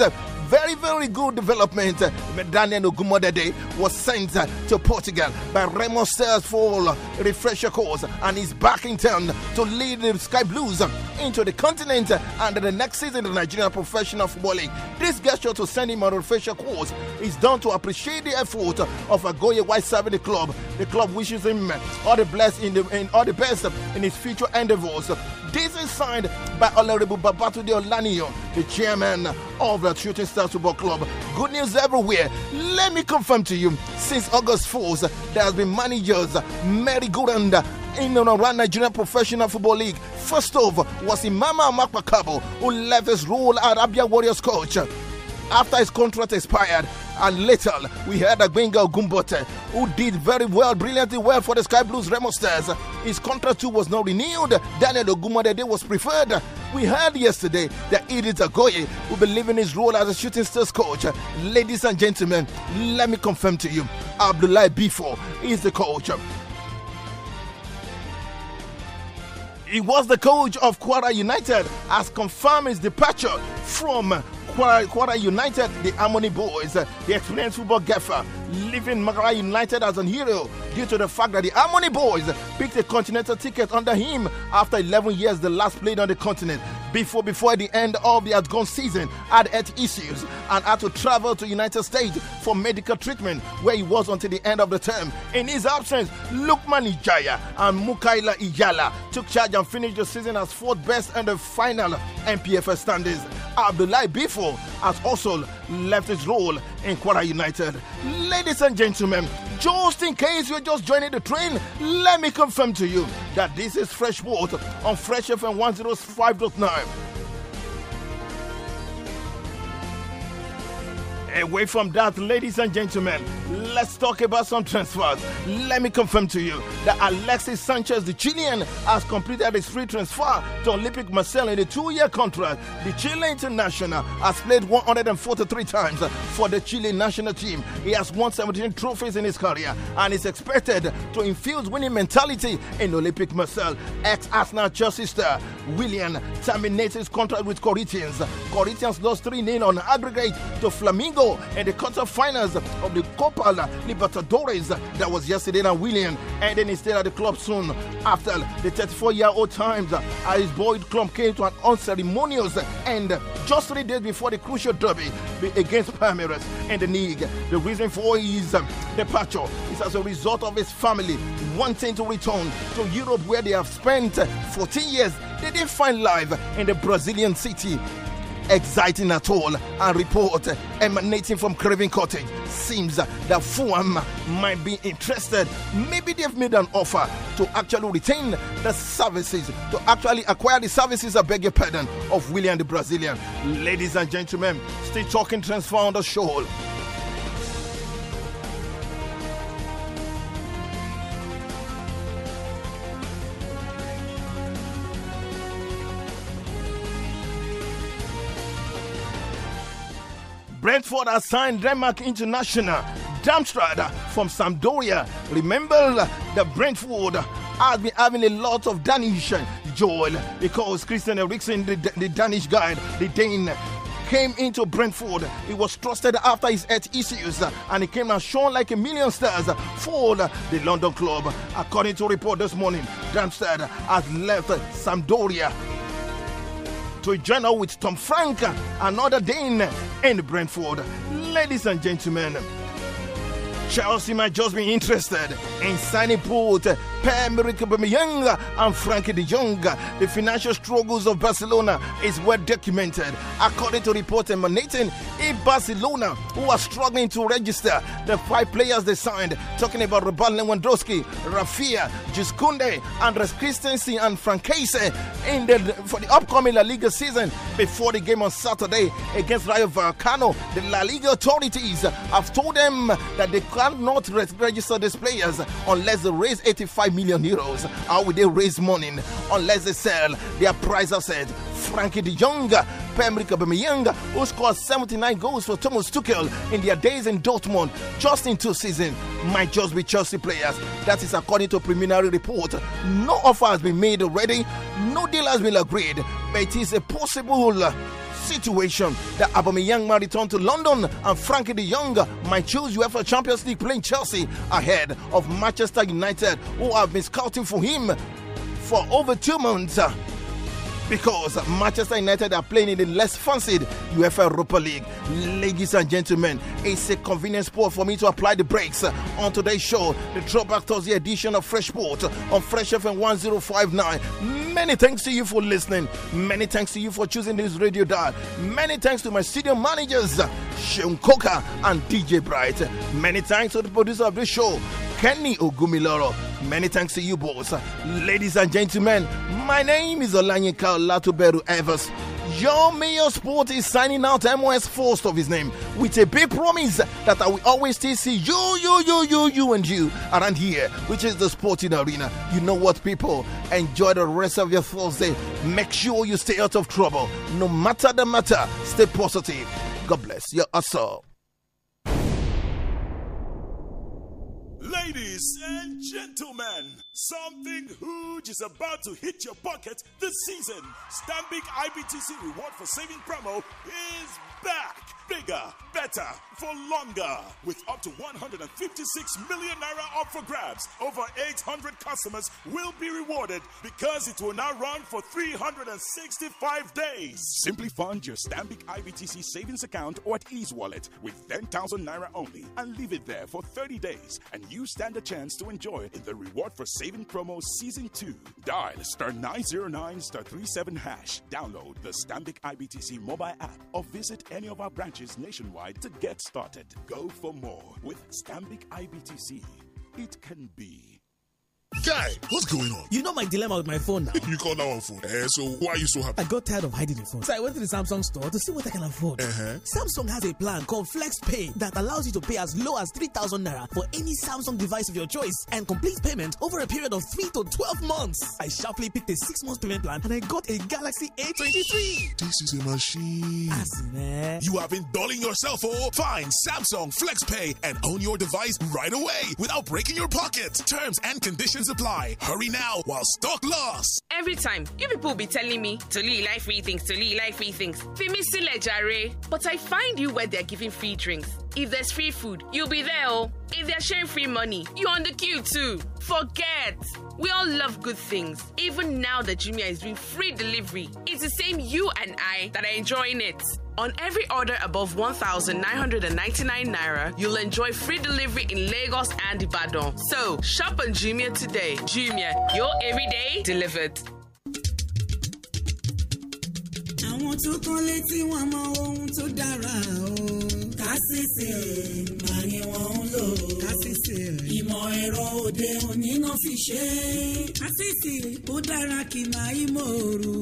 very, very good development. Daniel Ogumodede was sent to Portugal by Remo Stairs for refresher course and is back in town to lead the Sky Blues into the continent and the next season the Nigerian Professional Football League. This gesture to send him on a refresher course is done to appreciate the effort of Agoye White serving the club. The club wishes him all the best in, the, in all the best in his future endeavors. This is signed by Honorable Babatunde Olaniyo, the chairman of the Shooting Star Football Club. Good news everywhere. Let me confirm to you, since August 4th, there has been managers Mary Goodand in and around Nigerian Professional Football League. First off was Imama Amakpakabo, who left his role at Abia Warriors coach after his contract expired. And later, we a Agbenga Gumbote, who did very well, brilliantly well for the Sky Blues Remo Stars. His contract too was not renewed. Daniel Ogumadede was preferred. We heard yesterday that Edith Agoye will be leaving his role as a shooting stars coach. Ladies and gentlemen, let me confirm to you, Abdullah Bifo is the coach he was the coach of Quara United, has confirmed his departure from Quarter United, the Harmony Boys, uh, the experienced football gaffer, leaving Magara United as a hero due to the fact that the Harmony Boys picked a continental ticket under him after 11 years, the last played on the continent. Before before the end of the outgone season, had had issues and had to travel to United States for medical treatment, where he was until the end of the term. In his absence, Lukman Ijaya and Mukaila Ijala took charge and finished the season as fourth best in the final NPFL standings. Abdullah Bifo as also left his role in Quara United. Ladies and gentlemen, just in case you're just joining the train, let me confirm to you that this is Fresh Water on Fresh FM 105.9. Away from that, ladies and gentlemen, let's talk about some transfers. Let me confirm to you that Alexis Sanchez, the Chilean, has completed his free transfer to Olympic Marseille in a two year contract. The Chilean international has played 143 times for the Chile national team. He has won 17 trophies in his career and is expected to infuse winning mentality in Olympic Marseille. Ex Arsenal Chelsea star William terminated his contract with Corinthians. Corinthians lost 3 0 on aggregate to Flamengo and in the quarterfinals of the Copa Libertadores that was yesterday And William then he stayed at the club soon after the 34-year-old times as Boyd Clump came to an unceremonious end just three days before the crucial derby against Palmeiras in the league. The reason for his departure um, is as a result of his family wanting to return to Europe where they have spent 14 years. They didn't find life in the Brazilian city exciting at all. A report emanating from Craven Cottage seems that Fulham might be interested. Maybe they've made an offer to actually retain the services, to actually acquire the services, I beg your pardon, of William the Brazilian. Ladies and gentlemen, still talking transfer on the Brentford has signed Denmark international Damstrad from Sampdoria. Remember that Brentford has been having a lot of Danish joy because Christian Eriksen, the, the Danish guy, the Dane, came into Brentford. He was trusted after his health issues and he came and shone like a million stars for the London club. According to report this morning, Darmstadt has left Sampdoria to join up with Tom Frank, another Dane in Brentford. Ladies and gentlemen, Chelsea might just be interested in signing Poot. Pair Emerick Bamianga and Frankie de Jong. The financial struggles of Barcelona is well documented. According to reports emanating, in Barcelona, who are struggling to register the five players they signed, talking about Robert Lewandowski, Rafia, Giskunde, Andres Christensen, and Francaise in the for the upcoming La Liga season before the game on Saturday against Rayo Vallecano. The La Liga authorities have told them that they cannot register these players unless they raise 85 5 million euros. How will they raise money unless they sell their prize asset? Frankie de Jong, Pemric Aubameyang, who scored 79 goals for Thomas Tuchel in their days in Dortmund just in two seasons, might just be Chelsea players. That is according to preliminary report. No offer has been made already. No deal has been agreed. But it is a possible situation The Aubameyang might return to London and Frankie de Jong might choose UEFA Champions League playing Chelsea ahead of Manchester United who have been scouting for him for over two months because Manchester United are playing in the less fancied UEFA Europa League. Ladies and gentlemen, it's a convenient sport for me to apply the brakes on today's show, the towards the edition of Fresh Sport on Fresh FM 1059. Many thanks to you for listening. Many thanks to you for choosing this radio dial. Many thanks to my studio managers, Sean Coker and DJ Bright. Many thanks to the producer of this show, Kenny Ogumiloro. Many thanks to you, both, Ladies and gentlemen, my name is Olanyi Kaola. Salatu Evers. Your mayor Sport is signing out MOS first of his name with a big promise that I will always still see you, you, you, you, you, and you around here, which is the sporting arena. You know what, people? Enjoy the rest of your Thursday. Make sure you stay out of trouble. No matter the matter, stay positive. God bless your all. Ladies and gentlemen. Something huge is about to hit your pocket this season. Stamping IBTC reward for saving promo is back bigger, better, for longer. With up to 156 million naira up for grabs, over 800 customers will be rewarded because it will now run for 365 days. Simply fund your Stambic IBTC savings account or at Ease Wallet with 10,000 naira only and leave it there for 30 days, and you stand a chance to enjoy in the Reward for Saving promo season 2. Dial star 909 star 37 hash. Download the Stambic IBTC mobile app or visit any of our branches branches nationwide to get started. Go for more with Stambic IBTC. It can be. Guy, what's going on? You know my dilemma with my phone now. *laughs* you call that one phone. Uh, so why are you so happy? I got tired of hiding the phone. So I went to the Samsung store to see what I can afford. Uh-huh. Samsung has a plan called Flex Pay that allows you to pay as low as 3,000 naira for any Samsung device of your choice and complete payment over a period of 3 to 12 months. I sharply picked a 6 month payment plan and I got a Galaxy A23. This is a machine. As in, eh? You have been dulling yourself, oh? Find Samsung Flex Pay and own your device right away without breaking your pocket. Terms and conditions Restrictions Hurry now while stock lasts. Every time, you people be telling me to leave life free things, to leave life free things. Fimisile jare. But I find you where they're giving free drinks. If there's free food, you'll be there. Oh. If they're sharing free money, you're on the queue too. Forget! We all love good things. Even now that Jumia is doing free delivery, it's the same you and I that are enjoying it. On every order above 1,999 naira, you'll enjoy free delivery in Lagos and Ibadan. So, shop on Jumia today. Jumia, your everyday delivered. tó tó dára kásìsì mà ni wọ́n ń lò. kásìsì. ìmọ̀ ẹ̀rọ òde òní náà fi ṣe é. kásìsì ó dára kì máa í mòoru.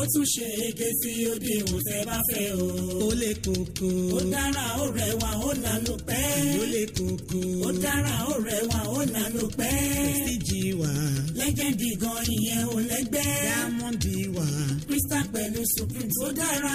ó tún ṣe ege sí òde òun tẹ́ bá fẹ́ o. ó le koko. ó dára ó rẹwà ó là ló pẹ́. ó le koko. ó dára ó rẹwà ó là ló pẹ́. ó sì jí wa. lẹ́gẹ̀dì gan ìyẹn ò lẹ́gbẹ́. diamond wà. crystal pẹ̀lú supreme tó dára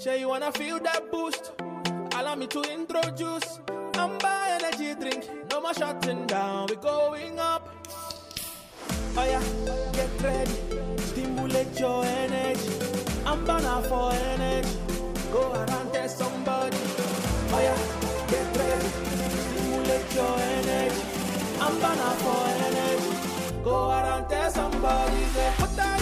Say you wanna feel that boost? Allow me to introduce Amber energy drink. No more shutting down, we going up. Oh yeah, get ready, stimulate your energy. Amber now for energy. Go around tell somebody. Oh yeah, get ready, stimulate your energy. Amber now for energy. Go around tell somebody.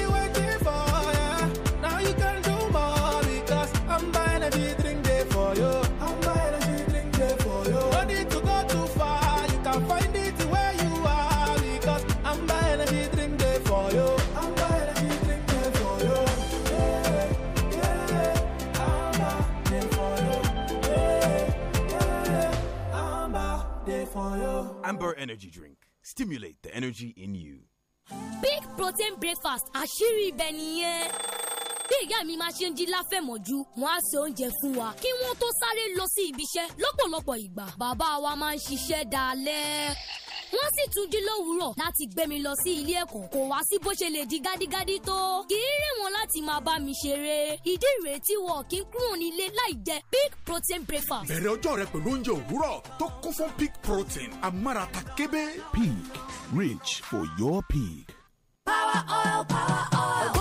Amber Energy Drink. Stimulate the energy in you. Big protein breakfast àṣírí ibẹ̀ nìyẹn. bí ìyá mi máa ṣe ń jí láfẹ̀mọ́jú wọ́n á ṣe oúnjẹ fún wa kí wọ́n tó sáré lọ sí ibi lọ́pọ̀lọpọ̀ ìgbà bàbá wa máa ń ṣiṣẹ́ dalẹ́ wọ́n sì tún jí lówùúrọ̀ láti gbé mi lọ sí ilé ẹ̀kọ́ kò wá sí bó ṣe lè di gádígádí tó kì í rìn wọn láti máa bá mi ṣeré ìdí rèé tí wọn kì kúrò nílé láì jẹ big protein breakfast. bẹ̀rẹ̀ ọjọ́ rẹ pẹ̀lú oúnjẹ òwúrọ̀ tó kún fún big protein amárata kébé. pink rich for your pig. power oil power oil.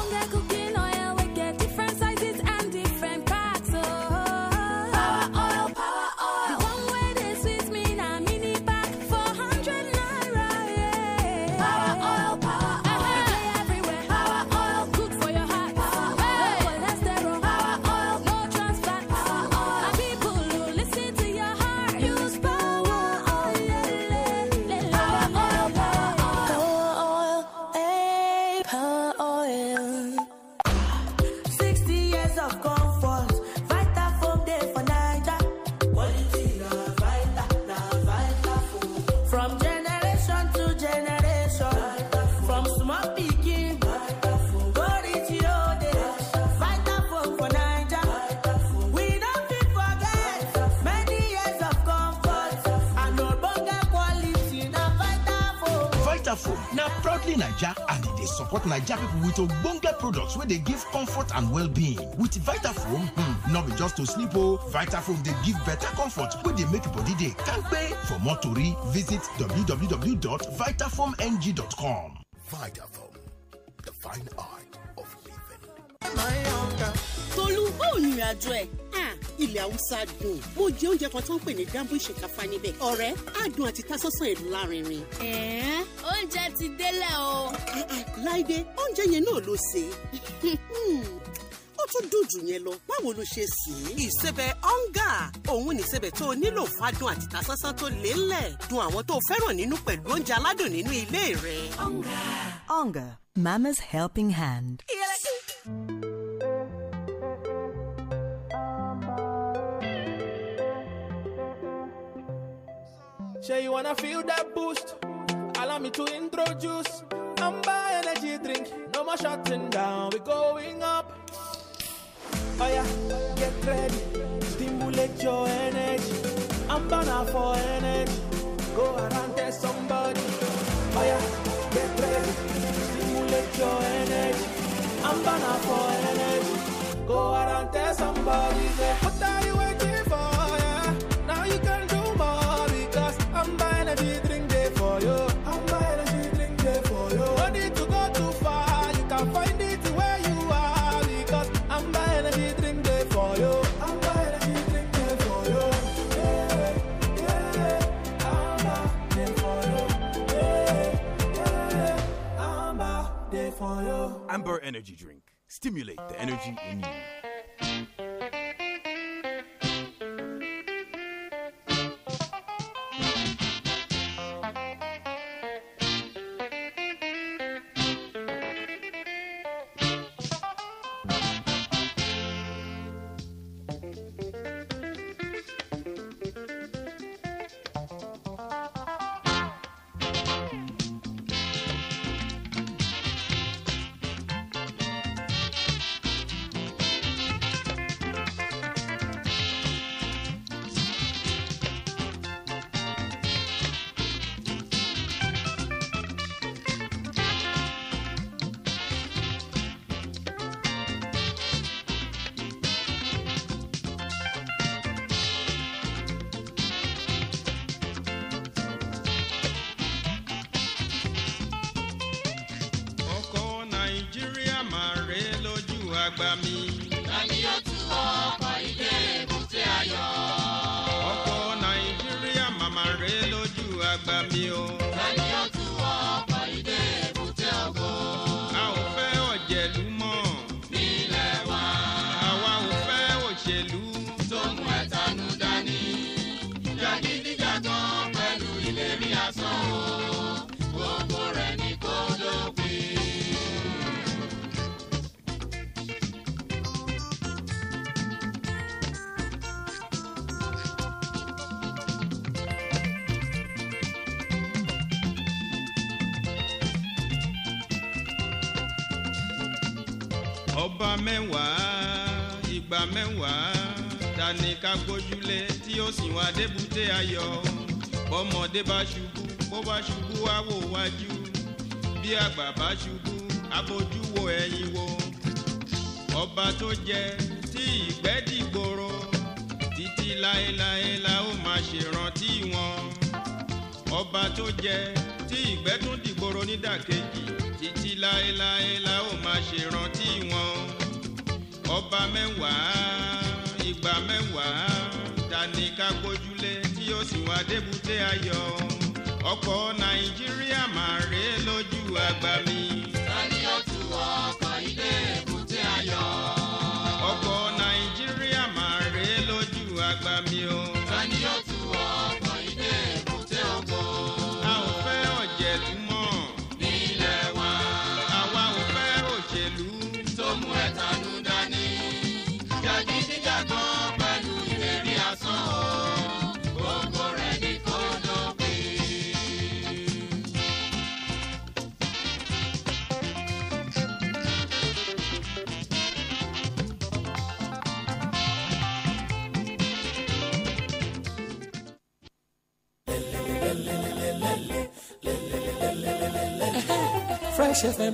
Nestle Naija and they support Naija people with ogbonge products where they give comfort and well-being. With Vitafoam, hmm, no be just to sleep oh Vitafoam they give better comfort where they make body day. dey kampe. For more tori, visit www.vitafoamng.com. Vitafoam, the fine art of living. tolú how you àjò ilẹ̀ haúsá dùn mo jẹ oúnjẹ kan tó ń pè ní dambu ìṣèkáfá níbẹ̀ ọ̀rẹ́ àdùn àti tasọ́sàn ìlú lárinrin. ẹ̀ẹ́n oúnjẹ ti délẹ̀ o. láìdé oúnjẹ yẹn náà ló ṣe hmm, ó dùn jù yẹn lọ báwo ló ṣe sè ìsebẹ̀ ọ̀ngà òun nìsebẹ̀ tó nílò fádùn àti tasọ́sán tó lélẹ̀ dùn àwọn tó fẹ́ràn nínú pẹ̀lú oúnjẹ aládùn nínú ilé rẹ. ọ̀ngà ọ̀ngà mama's helping hand. Say you wanna feel that boost? Allow me to introduce Amber energy drink. No more shutting down, we going up. Oh yeah, get ready, stimulate your energy. I'm banner for energy. Go around tell somebody. Oh yeah, get ready, stimulate your energy. I'm banner for energy. Go around tell somebody. Yeah. Amber Energy Drink. Stimulate the energy in you. ká gbójúlé tí ó sì wá débùté ayọ̀ bọ́mọdé bá ṣubú bó bá ṣubú á wò wájú bí àgbà bá ṣubú abojú wo ẹ̀yìn wo ọba tó jẹ tí ìgbẹ́ dìgboro títí láéláé la ó máa ṣèrántí wọn ọba tó jẹ tí ìgbẹ́ tún dìgboro nídàkejì títí láéláé la ó máa ṣèrántí wọn ọba mẹ́wàá ìgbà mẹ́wàá tani ká gbójúlé tí ó sì wá débùté ayọ̀ ọkọ̀ nàìjíríà máa ré lójú àgbà mi. tani ó tu ọkọ̀ ilé èbúté ayọ̀. ọkọ̀ nàìjíríà máa ré lójú àgbà mi o. tani ó tu ọkọ̀ ilé èbúté ògo. a ò fẹ́ ọ̀jẹ̀ tún.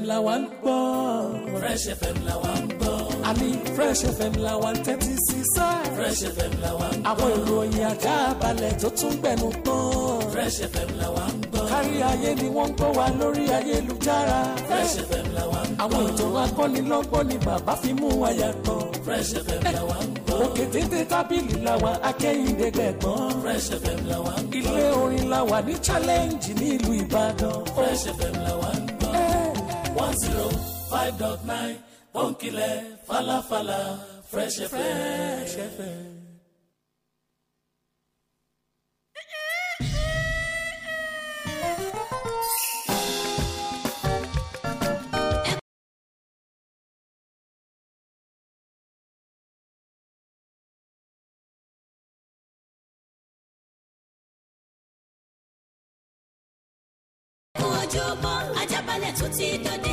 la wa ń gbọ́. fresh fm la wa ń gbọ́. àní fresh fm la wa ń tẹ́tí sí sá. fresh fm la wa ń gbọ́. àwọn ìròyìn ajá balẹ̀ tó tún gbẹnu tán. fresh fm la wa ń gbọ́. kárí ayé ni wọ́n ń gbọ́ wa lórí ayélujára. fresh fm la wa ń gbọ́. àwọn ètò akọ́nilọ́gbọ́n ni bàbá fi mú wa yàtọ̀. fresh fm la wa ń gbọ́. òkè téńté tábìlì la wa akẹ́yìndé gbẹ̀gbọ́n. fresh fm la wa ń gbọ́. ilé orin la ní challenge ní ìlú Ìbàdàn. fresh fm la wa ń one zero five dot nine pọ́ńkìlẹ̀ falafala fresh fm. to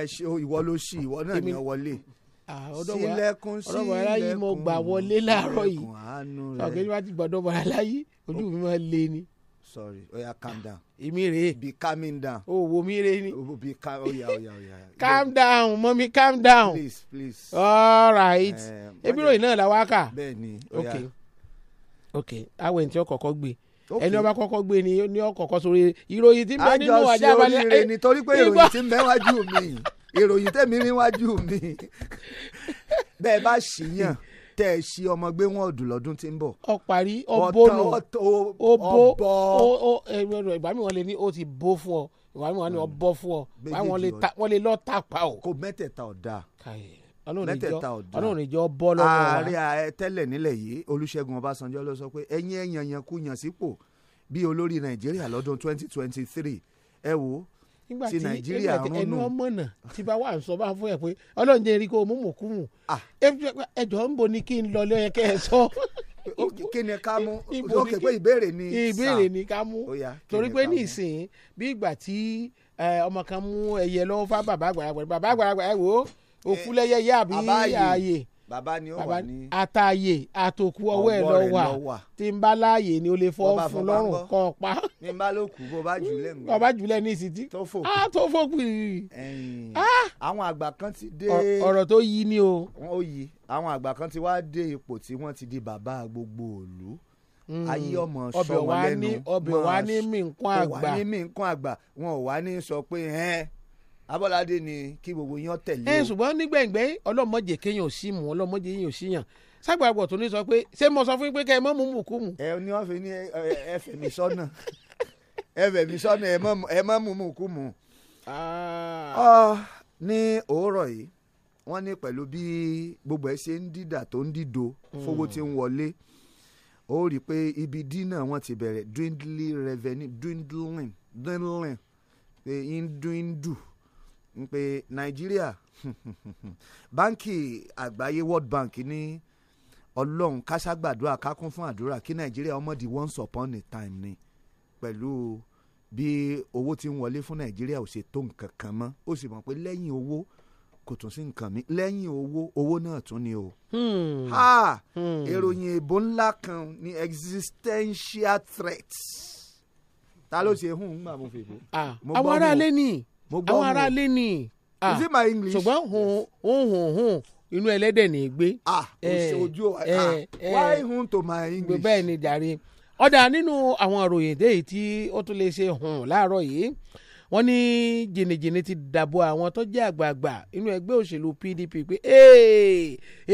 ẹ ṣe ìwọ ló ṣì ìwọ náà ni ọ wọlé sílẹ̀kùn sí ilẹ̀kùn mo gbà wọlé láàárọ̀ yìí ọ̀kẹ́ ni wọ́n ti gbọ́dọ̀ bàrà láyé ojú mi máa le ni. sorry oya calm down. èmi rè be calming down. o wo mi rè é ni. be calm oya oya oya. calm down mọ́mí calm down. please please. all right eh, ebi ròyìn náà la wá kà. bẹ́ẹ̀ni oya ok ok awẹ̀ ní tí ó gbé ẹni ọba kọ́kọ́ gbé ni ní ọkọ̀ọ̀kọ̀ sórí ìròyìn tí ń bẹ nínú àjà balẹ̀. àjọ ṣe oríire ni torí pé ìròyìn tí ń bẹ wájú mi ìròyìn tẹ̀mí rí wájú mi *laughs* bẹ́ẹ̀ bá ṣìyàn tẹ́ ẹ ṣe ọmọ gbé wọn ọdún lọ́dún tí ń bọ̀. ọ parí ọbọ nù ọbọ ọbọ ìgbà mi wọn lè ní o ti bó fún ọ ìgbà mi wọn ni ọbọ fún ọ wọn lè lọ tàpá o. kò mẹ́tẹ̀ẹ̀ta ọ̀dà. káyé mẹ́tẹ̀ẹ̀ta ọ̀dọ́ ọlọ́ọ̀nìjọ bọ́ lọ́wọ́ wa. ààrẹ tẹ́lẹ̀ nílẹ̀ yìí olúṣẹ́gun ọbásanjọ́ ló sọ pé ẹ̀yin ẹ̀yàn yẹn kú yàn sípò bí olórí nàìjíríà lọ́dún twenty twenty three ẹ wò ó ti nàìjíríà ń nù. ẹnu ọmọ náà ti bá wà ń sọ bá fún ẹ pé ọlọ́run jẹ́ eríkó mọ̀mọ́kùmù ẹjọ́ ń bo ni kí n lọ lẹ́yìn kẹ́ ẹ sọ. *laughs* kí ni ká mú lókè pé ìbéèrè ni sàn ìbéèrè ni ká mú torí pé ní ìsìn bí ìgbà tí ọmọ kan mú ẹyẹ lọ́wọ́ fá bàbá àgbàlagbà bàbá àgbàlagbà ẹ wò ó òkúlẹ́yẹ yá àbí ààyè bàbá ni ó wà ní. àtàyè àtòkù ọwọ́ ẹ̀ lọ wà tí n bá láàyè ni ó lè fọ́ fún lọ́rùn kan pa. ní bá ló kù bó bá jùlẹ̀ mi. bó bá jùlẹ̀ ní ìsìtí. tó fò ah tó fò pìrì. Ah! àwọn àgbà kan ti dé. ọ̀rọ̀ tó yí ni o. ó yí àwọn àgbà kan ti wá dé ipò tí wọ́n ti di bàbá gbogbo òlu hmm. ayé ọmọ sọ wọn lẹ́nu ọbẹ̀ wa ní mi nǹkan àgbà wọn ò wá ní sọ pé abọ́ládé ni kí gbogbo yín tẹ̀lé o. ẹ ṣùgbọ́n nígbẹ̀ngbẹ́ ọlọ́mọdé kéèyàn ò sí mu ọlọ́mọdé yín ò sí yàn ságbàgbọ̀ tó ní sọ pé ṣé mo sọ fún yín pé kẹ́ ẹ mọ́ mú mú kú mu. ẹ ní wọn fi ní ẹfẹ mi sọnà ẹfẹ mi sọnà ẹ mọ́ mú mú kú mu. Ah. ní òórọ̀ yìí wọ́n ní pẹ̀lú bí gbogbo ẹ ṣe ń dídà tó ń dídò hmm. fowó tí ń wọlé ó rí i pé ibi dínà wọn ti bẹ̀rẹ̀ dwindling revenue dwindling dwindling pé ń dwindle ń pé nàìjíríà báńkì àgbáyé world bank ní ọlọ́run káságbàdúrà kákún fún àdúrà kí nàìjíríà ọmọ di once upon a time ni pẹ̀lú bí owó ti ń wọlé fún nàìjíríà ò ṣe tó nǹkan kan mọ́ ó sì mọ̀ pé lẹ́yìn owó kò tún sí nǹkan mi lẹ́yìn owó owó náà tún ni o. Hmm. ha hmm. ìròyìn èbó ńlá kan ni existential threat ta ló ṣe hùn nígbà mo fèbó. Ah, àwọn aráalé ni mo gbọ́ àwọn aráalé ni ah, is it my english ṣùgbọ́n hun hun hun hun inú ẹlẹ́dẹ̀ ní í gbé. ah eh, ojú o eh, ah, eh. why hun to my english. bẹ́ẹ̀ ni jàre ọ̀dà nínú àwọn àròyìn déyìí tí ó tún lè ṣe hùn láàárọ̀ yìí wọ́n ní jìnnìjìnnì ti dàbò àwọn tó jẹ́ àgbààgbà inú ẹgbẹ́ òṣèlú PDP pé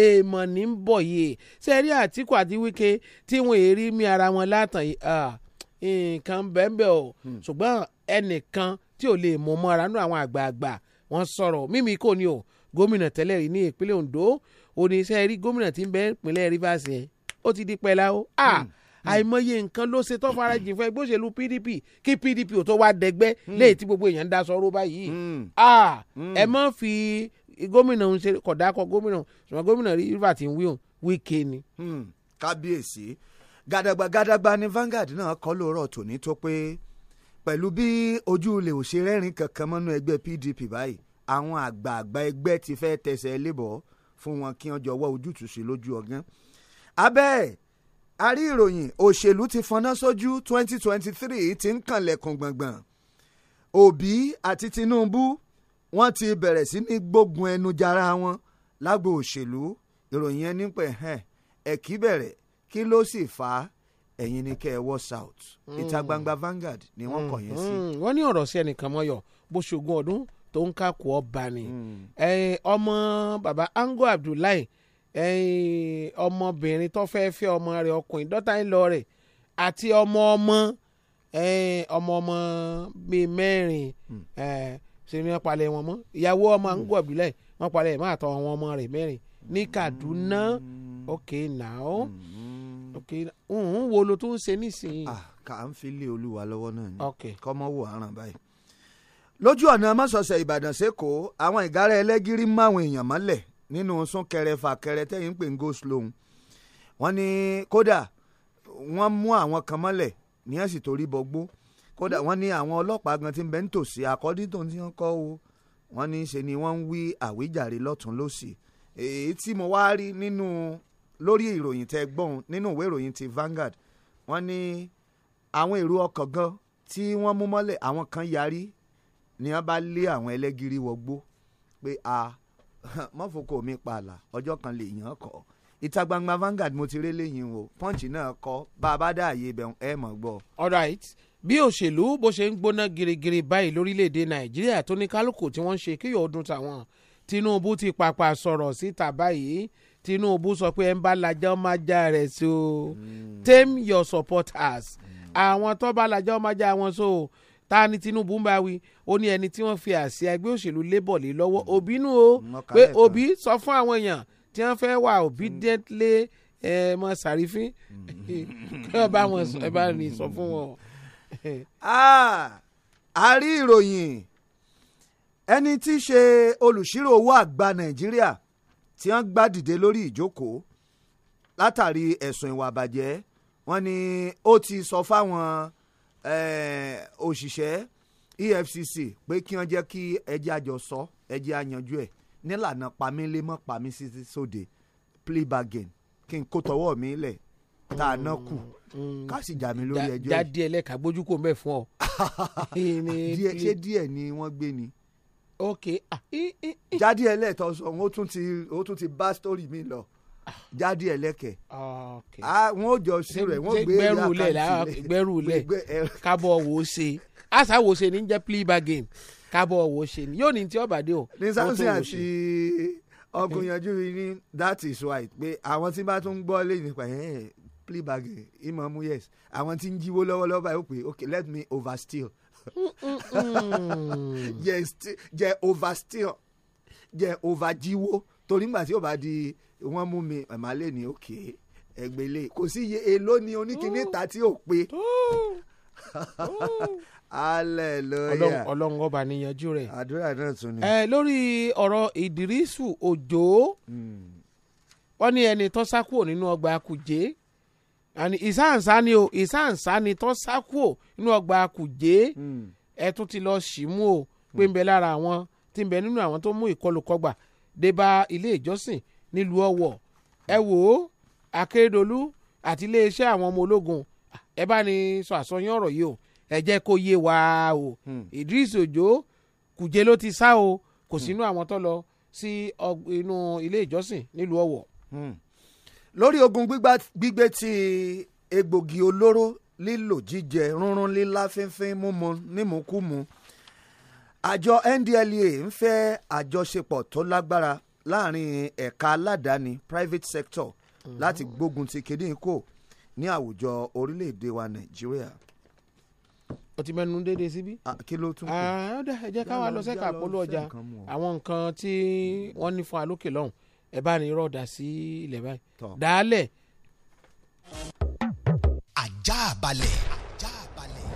èèmọ̀ ní ń bọ̀ yìí sẹ́rí Àtíkù àti Wike tí wọ́n èrí mi ara wọn látàn yìí ah, nǹkan bẹ́ẹ̀ bẹ́ẹ̀ o hmm. ṣùgbọ́n ẹnìkan tí ò lè mú mọ́ ara nú àwọn àgbààgbà wọ́n sọ̀rọ̀ mímí kò ní o gómìnà tẹ́lẹ̀ rí ní ìpínlẹ̀ Ondo oníṣẹ́ rí gómìnà tí ń bẹ ìpínlẹ̀ Rivers yẹn ó ti di pẹ́lá o hmm, hmm. àìmọye nǹkan ló ṣe tó farajìn fún ẹgbẹ́ òṣèlú PDP kí PDP ò tó wá dẹgbẹ́ hmm. léyìí tí gbogbo èèyàn ń daṣọ ọ̀rọ̀ báyìí ẹ mọ́ fi gómìnà ń ṣe kódà kọ gómìnà ṣùgbọ́n gómìnà Rivers ti ń wí òun Wike ni. kábíyèsí gàdàgbà gàdàgbà ni Vanguard náà kọ́ lóòrọ̀ tòní tó pé pẹ̀lú bí ojú ilé òṣèrẹ́rìn kankan mọ́nú ẹgbẹ́ PDP báyìí àwọn àgbààgbà ẹgbẹ́ ti fẹ́ tẹsẹ̀ lébọ̀ fún wọn kí wọ́n jọ wọ́ ojútùú sí lójú ọgán. abẹ́ a rí ìròyìn òṣèlú ti fọná sójú 2023 ti ń kànlẹ̀kùn gbọ̀ngbọ̀n Òbí àti Tinubu wọ́n ti bẹ̀rẹ̀ sí ní gbógun ẹnu jara wọn lágbo òṣèlú ìròyìn ẹni pẹ̀ ẹ̀ kí bẹ̀rẹ̀ kí ló sì fà á ẹ̀yin ni kẹ́ ẹ wọ́ south ìta hmm. gbangba Vanguard ni wọ́n hmm. kọ̀ yẹn sí. Hmm. wọ́n ní ọ̀rọ̀ sí ẹnìkan mọ́yọ̀ bó ṣogún ọdún tó ń kákó ọba ni ọmọ baba Ango Abdullahi ọmọbìnrin tó fẹ́ fẹ́ ọmọ rẹ̀ ọkùnrin dọ́tà ńlọ rẹ̀ àti ọmọ ọmọ ọmọ ọmọ bíi mẹ́rin ṣe ni wọ́n palẹ̀ wọn mọ́ ìyàwó ọmọ Ango Abdullahi wọ́n palẹ̀ mọ́ àtọ̀ àwọn ọmọ rẹ̀ mẹ́rin ní Kaduna okay now. Mm -hmm ok òun wo lo tó ń ṣe nísìnyí. Ah, kà á ń fi lé olúwa lọ́wọ́ náà ni kọ́mọ wò aràn báyìí. lójú ọ̀nà mọ́sọ̀ọ̀sẹ̀ ìbàdàn sẹ́kọ̀ọ́ àwọn ìgárá ẹlẹ́gìrì máwọn èèyàn mọ́lẹ̀ nínú súnkẹrẹ fàkẹrẹ tẹ́yìn ń pè ń go slow wọ́n ní kódà wọ́n mú àwọn kan mọ́lẹ̀ ní ẹ̀sìn torí bọ́gbó kódà wọ́n ní àwọn ọlọ́pàá gan ti ń bẹ ń tòsí àkọ́dí ní lórí ìròyìn tẹ́ gbọ́n nínú ìwé ìròyìn ti Vanguard wọ́n ní àwọn èrò ọkọ̀ gan tí wọ́n mú mọ́lẹ̀ àwọn kan yarí ni wọ́n bá lé àwọn ẹlẹ́gìrì wọgbó pé a *laughs* mọ́fokò mi pààlà ọjọ́ kan lè yàn kọ́ ìta gbangba Vanguard mo ti rí lẹ́yìn o pọ́ǹchì náà kọ́ bá a bá dá àyè ibẹ̀ ẹ mọ̀ gbọ́. all right bí òṣèlú bó ṣe ń gbóná girigiri báyìí lórílẹ̀‐èdè nàìjíríà tó ní kálukú tí wọ́n ń ṣe kíyọ̀ ọdún tàwọn Tinubu ti pàpà sọ̀rọ̀ síta báyìí Tinubu sọ pé ẹ ń bá lajẹ́ ọmọ ajá rẹ̀ sí o hmm. tame your supporters hmm. àwọn tó bá lajẹ́ ọmọ ajá wọn so ta ni Tinubu ń bá wí ó ní ẹni tí wọ́n fi àsíá ẹgbẹ́ òṣèlú Labour lé lọ́wọ́ Obi hmm. nù o pé Obi sọ fún àwọn èèyàn tí wọ́n fẹ́ wà obediently ẹ mọ sàrífín *laughs* kí wọ́n bá wọn ẹ bá ní sọ fún wọn. *laughs* Ah, a rí ìròyìn ẹni tí í ṣe olùṣírò owó àgbà Nàìjíríà tí wọ́n gbá dìde lórí ìjókòó látàrí ẹ̀sùn ìwà àbàjẹ́ wọ́n ní ó ti sọ fáwọn òṣìṣẹ́ EFCC pé kí wọ́n jẹ́ kí ẹjẹ́ àjọ sọ ẹjẹ́ àyànjú ẹ̀ nílànà pamílémọ́ pamí sóde plea bargain kí n kó tọwọ́ mi lẹ̀ tá a náà kù mm. ká sì jà mí lórí ẹjọ́ yìí. dá díẹ̀ lẹ́ka gbójú kò mẹ́ fún ọ. *laughs* ṣé díẹ̀ ni wọ́n gbé ni ok ah. jáde ẹlẹ́tọ̀ sọ wọn tún ti ó tún ti bá sítórì mi lọ jáde ẹlẹ́kẹ̀ ah, wọn ò jọ sí rẹ̀ wọ́n gbé ẹ̀rù lẹ̀ gbẹ̀rù lẹ̀ kábọ̀ wò ó ṣe àṣà wò ó ṣe ní jẹ́ play ball game kábọ̀ wò ó ṣe ni yóò ní tí ọ̀bà dé o. ní sáńsì àti ọkùnrin yanjú mi that is why pé àwọn tí bá tún gbọ́ lẹ́yìn nípa play ball game ìmọ̀ mú yes àwọn tí ń jíwó lọ́wọ́lọ́wọ́ báyìí ó pè okay let me oversteal jẹ oversteer jẹ overjiwo torí ngbà tí ó bá di wọ́n mú mi màmá lè ní òkè ẹgbẹlẹ kò sí iye èlò ni oníkíní ta tí ò pé *laughs* hallelujah ọlọ́run ọba níyanjú rẹ̀ àdúrà náà tún ni. ẹ lórí ọ̀rọ̀ ìdírísù òjò hmm. wọ́n ní ẹni tó sá kúrò nínú ọgbà kùjé àní ìsáǹsá ni o ìsáǹsá ni tó sá inú ọgbà kùjé hmm. ẹ tún ti lọ sí mú o pé ń bẹ lára àwọn tí ń bẹ nínú àwọn tó mú ìkọlù kọgbà dé bá ilé ìjọsìn nílùú Ọ̀wọ̀ ẹ wò ó Akérédolú àti iléeṣẹ́ àwọn ọmọ ológun ẹ bá ní sọ àsọyún ọ̀rọ̀ yìí o ẹ jẹ́ kó yé wa o hmm. Idris Ojo kùjé ló ti sá o kò sínú hmm. àwọn tó lọ sí inú ilé ìjọsìn nílùú Ọ̀wọ̀. Hmm lórí ogun gbígbé ti egbògi olóró lílò jíjẹ rúnrún lílá fínfín múmu nímùkúmu àjọ NDLEA ń fẹ́ àjọṣepọ̀ tó lágbára láàrin ẹ̀ka aládàáni private sector mm. láti gbógun ti kíní kò ní àwùjọ orílẹ̀-èdè wa Nàìjíríà. o ti mẹ́nu déédéé síbí. kí ló tún kù. ẹ jẹ́ ká wá lọ sẹ́ka àpolówó ọjà àwọn nǹkan tí wọ́n ní fún alókè lọ́hùn ẹ bá ní rọ̀dà sí ilẹ̀ báyìí dàálẹ̀. ajá balẹ̀. ajá balẹ̀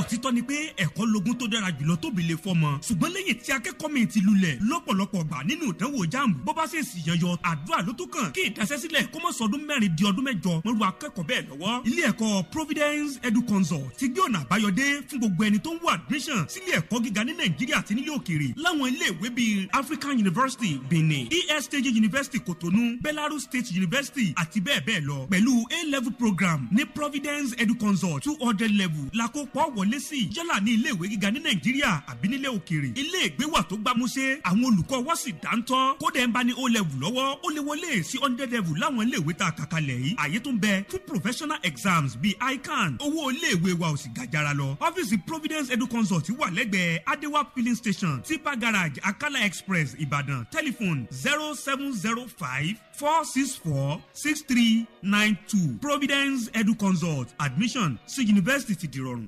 òtítọ́ ni pé ẹ̀kọ́ lógún tó dára jùlọ tóbi lè fọmọ ṣùgbọ́n lẹ́yìn tí akẹ́kọ̀ọ́ mi ti lulẹ̀ lọ́pọ̀lọpọ̀ gbà nínú ìdánwò jáàmù bó bá ṣe sì yẹyọ àdúrà ló tó kàn kí ìdásẹ́sílẹ̀ kó mọ́ sọdún mẹ́rin di ọdún mẹ́jọ mọ́rú akẹ́kọ̀ọ́ bẹ́ẹ̀ lọ́wọ́ ilé ẹ̀kọ́ Providence Edu Consult ti gbé ọ̀nà àbáyọdé fún gbogbo ẹni tó ń wá admission sílé ẹ̀kọ́ gíga ní Nàìjíríà àti nílé òkèèrè láwọn ilé ìwé bíi African University Benin ESTJ University Kotonu Belarus State University àti bẹ́ẹ̀ bẹ́ẹ̀ lọ pẹ̀lú A-level program ní Providence Edu Consult two hundred level làkópọ̀ wọ wọlé sí yálà ní ilé ìwé gíga ní nàìjíríà àbí nílé òkèèrè ilé ìgbé tó gbámúṣé àwọn olùkọ́ wa sì dáńtọ́ kódà ẹ̀ ń bá ní o level lọ́wọ́ ó lè wọlé sí hundred level láwọn ilé ìwé tá a kàkalẹ̀ yìí àyè tó ń bẹ fún professional exams bíi ican owó ilé ìwé wa ò sì gàjára lọ ọ́fíìsì providence edu consult wà lẹ́gbẹ̀ẹ́ adewa filling station tipa garage akala express ìbàdàn telephone zero seven zero five four six four six three nine two providence edu consult admission sí yunifásitì ti dìrọ̀rùn.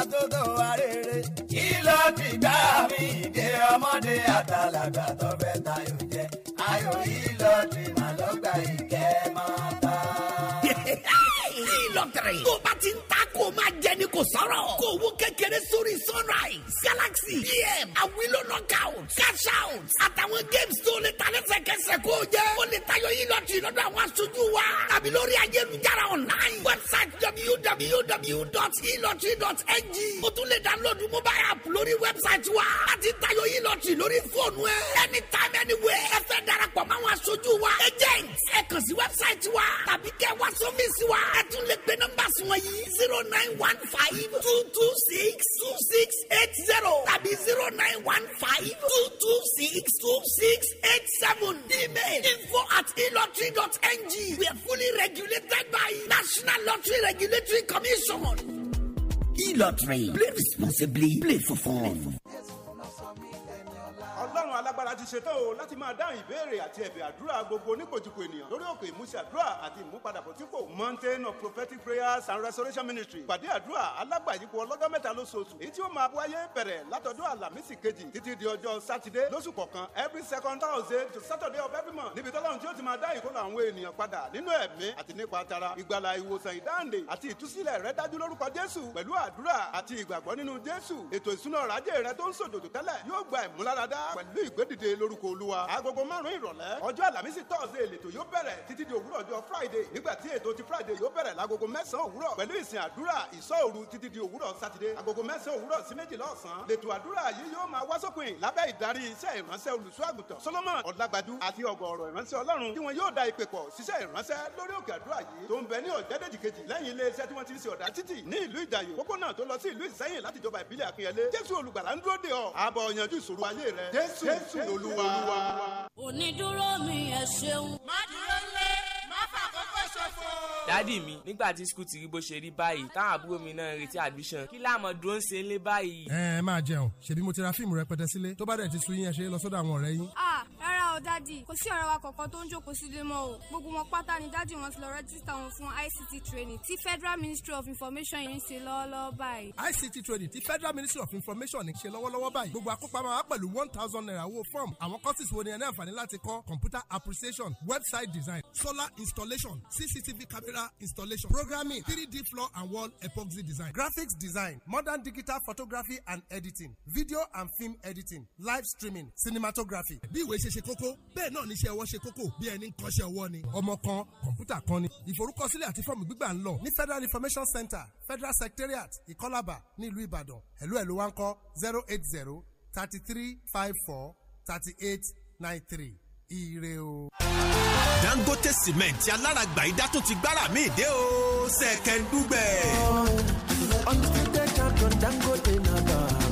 àtọ́tọ̀ arére kí ló ti gbá mi ìdè ọmọdé àtàlàgbà tó fẹ́ tayò jẹ ayò yìí ló ti mà lọ́gbà yìí. sunshine. tó o bá ti ń ta kó o máa jẹ ni kò sọ̀rọ̀. kó owó kékeré sórí sunrise galaxy pm awilo knockout cash out àtàwọn games tó lè ta lẹ́sẹ̀kẹsẹ̀ kó o jẹ́. o lè tayọ yín lọ́tì lọ́dọ̀ àwọn aṣojú wa tàbí lórí ayélujára online website www.elotry.ng o tún lè download mobile app lórí website wa láti tayọ yín lọ́tì lórí fóònù ẹ anytime anywhere ẹ fẹ́ darapọ̀ mọ́ àwọn aṣojú wa agent ẹ kàn sí website wa tàbí kẹ́ wá sọ́fíìsì wa ẹ tún lè gbé náà. numbers wọ̀nyí zero nine one five two two six two six eight zero tàbí zero nine one five two two six two six eight seven email info at elotry we are fully regulated by National Lottery Regulatory Commission. elotry play responsibly play for fun. táwọn alágbára ti ṣetán o láti máa dáhùn ìbéèrè àti ẹ̀bẹ̀ àdúrà gbogbo oníkojúkò ènìyàn lórí òkè ìmúṣẹ àdúrà àti ìmúpadàbọ̀ tí kò mountain of prophetic prayers and restoration ministry pàdé àdúrà alágbàyípo ọlọ́dọ́ mẹ́ta lóṣooṣù èyí tí ó máa wáyé bẹ̀rẹ̀ látọjọ́ àlàmísì kejì títí di ọjọ́ sátidé lóṣù kọ̀ọ̀kan every second thursday to saturday of every month níbi tọ́lọ́run tí ó ti máa dá ìkólọ àwọn ènìyàn padà nínú ẹ̀mí àti nípa tara ìgbàlà ìwòsàn ìdáǹdè àti ìtúsílẹ̀ rẹ dájú lórúkọ jésù pẹ̀lú àdúrà àti ìgbàgbọ́ nínú jésù ètò ìsúná ọ̀rọ̀ ajé rẹ tó ń ṣòdòdò tẹ́lẹ̀ yóò gba ìmúláradá pẹ̀lú ìlú ìgbédìde lórúkọ olúwa. agogo márùn-ún ìrọ̀lẹ́ ọjọ́ àlàmísì tọ́sídẹ̀ẹ́ lètò yóò bẹ̀rẹ̀ títí di òwúrọ̀ ọjọ́ friday nígbà tí ètò ti friday yóò bẹ̀rẹ̀ lágogo mẹ́sàn-án òwúrọ̀ pẹ̀lú ìsìn àdúrà ìsọ̀òru títí di òwúrọ̀ sátidé agogo mẹ́sàn-án òwúrọ̀ sí méjìlá ọ̀sán lètò àdúrà yìí yóò máa wá sópin lábẹ́ ìdarí iṣẹ́ ìránṣẹ́ olùṣọ́àgùtàn solomon ọ̀làgbàdú àti ọ̀gọ̀ọ̀rọ̀ ìránṣẹ́ ọlọ́run tí wọn yóò da ìpè pọ̀ ṣiṣẹ́ ìránṣẹ́ lórí òkè àdúrà yìí tó ń bẹ ní ọ̀jẹ́dẹ́jì kejì lẹ́yìn iléeṣẹ́ tí wọ́n ti ń ṣe ọ̀dà títì ní ìlú ìjàyè pópónà tó lọ sí ìlú ìsẹ́yìn láti jọba ìbílẹ̀ àkínyẹlé jésù olùgbàlà ń dúró de ọ àbọ̀ yanjú ìṣòro ayé rẹ jésù jésù lolúwa. onídúró mi ẹ ṣeun. má dúró lé má fàkókò ṣòfò dádì mi nígbà tí skul ti rí bó ṣe rí báyìí táwọn àbúrò mi náà retí admission kí láàmú dúró ń ṣe ń lé báyìí. ẹ ẹ máa jẹun ṣèbí mo ti ra fíìmù rẹpẹtẹ sílé tó bá dẹ̀ ti sun yín ẹ ṣe lọ sọ́dọ̀ àwọn ọ̀rẹ́ yín. a rárá o dádì kò sí ọ̀rẹ́ wa kọ̀ọ̀kan tó ń jókòó sílé mọ́ o gbogbo wọn pátá ni dádì wọn ti lọ rẹ́jísítà wọn fún ICT training ti Federal Ministry of Information ń ṣe lọ́wọ́lọ́wọ́ báyìí. ICT training ti Federal Ministry of Information ń ṣe lọ́wọ́lọ́wọ́ báyìí gbogbo akópa máa wá pẹ̀lú one thousand naira owó fọ́ọ̀mù àwọn courses wo ni ẹ ní àǹfààní láti kọ́ computer appreciation website design solar installation CCTV camera molecular installation, programming, 3D floor and wall epoxy design, graphics design, modern digital photography and editing, video and film editing, live streaming, cinematography. Bí ìwé ṣe ṣe kókó, bẹ́ẹ̀ náà ni iṣẹ́ ọwọ́ ṣe kókó bí ẹni ń kọ́ṣẹ́ ọwọ́ ni. Ọmọ kan, kọ̀ǹpútà kan ni. Ìforúkọsílẹ̀ àti fọ́ọ̀mù gbígbà ń lọ ní Federal Information Center, Federal Secretariat, Ìkọ́lábà nílùú Ìbàdàn. Ẹ̀lú ẹ̀lú wa ń kọ́ zero eight zero thirty three five four thirty eight nine three ire o. Dangote cement aláràgbà ìdá tún ti gbára mi dé o ṣẹ̀kẹ̀ ń dúgbẹ̀. undisputed champion Dangote náà bá a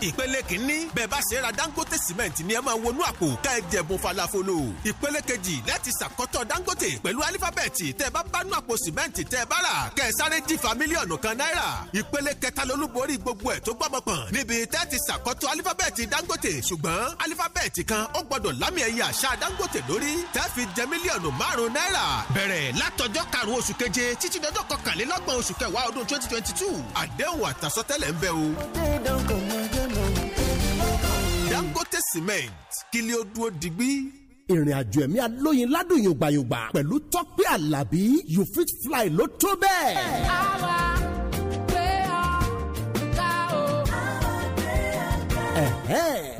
ìpele kìíní bẹ́ẹ̀ bá ṣe ra dangote cement ni ẹ máa wọnú àpò tá ẹ jẹ̀bùn falafolo ìpele kejì láti ṣàkọ́tọ̀ dangote pẹ̀lú alifábẹ́ẹ̀tì tẹ́ ẹ bá bánú àpò cement tẹ́ ẹ bá rà kẹ́ ẹ sáré jìfà mílíọ̀nù kan náírà ìpele kẹta lolúborí gbogbo ẹ̀ tó gbọ́mọ pọ̀n níbi tẹ́ ti ṣàkọ́tọ̀ alifábẹ́ẹ̀tì dangote ṣùgbọ́n alifábẹ́ẹ̀tì kan ó gbọ́dọ̀ lámì ẹ̀yẹ àṣà dangote lórí tẹ́ fi jẹ mílíọ̀nù márùn-ún náírà bẹ̀rẹ̀ látọjọ́ karùn-ún oṣù keje títí dọjọ́ kọkànlélọ́gbọ̀n Dangote cement kí lè ó dúró digbí ìrìn àjò ẹ̀mí alóyin ládùn yògbàyògbà pẹ̀lú Tọ́pẹ́ Àlàbí you fit fly ló tó bẹ́ẹ̀.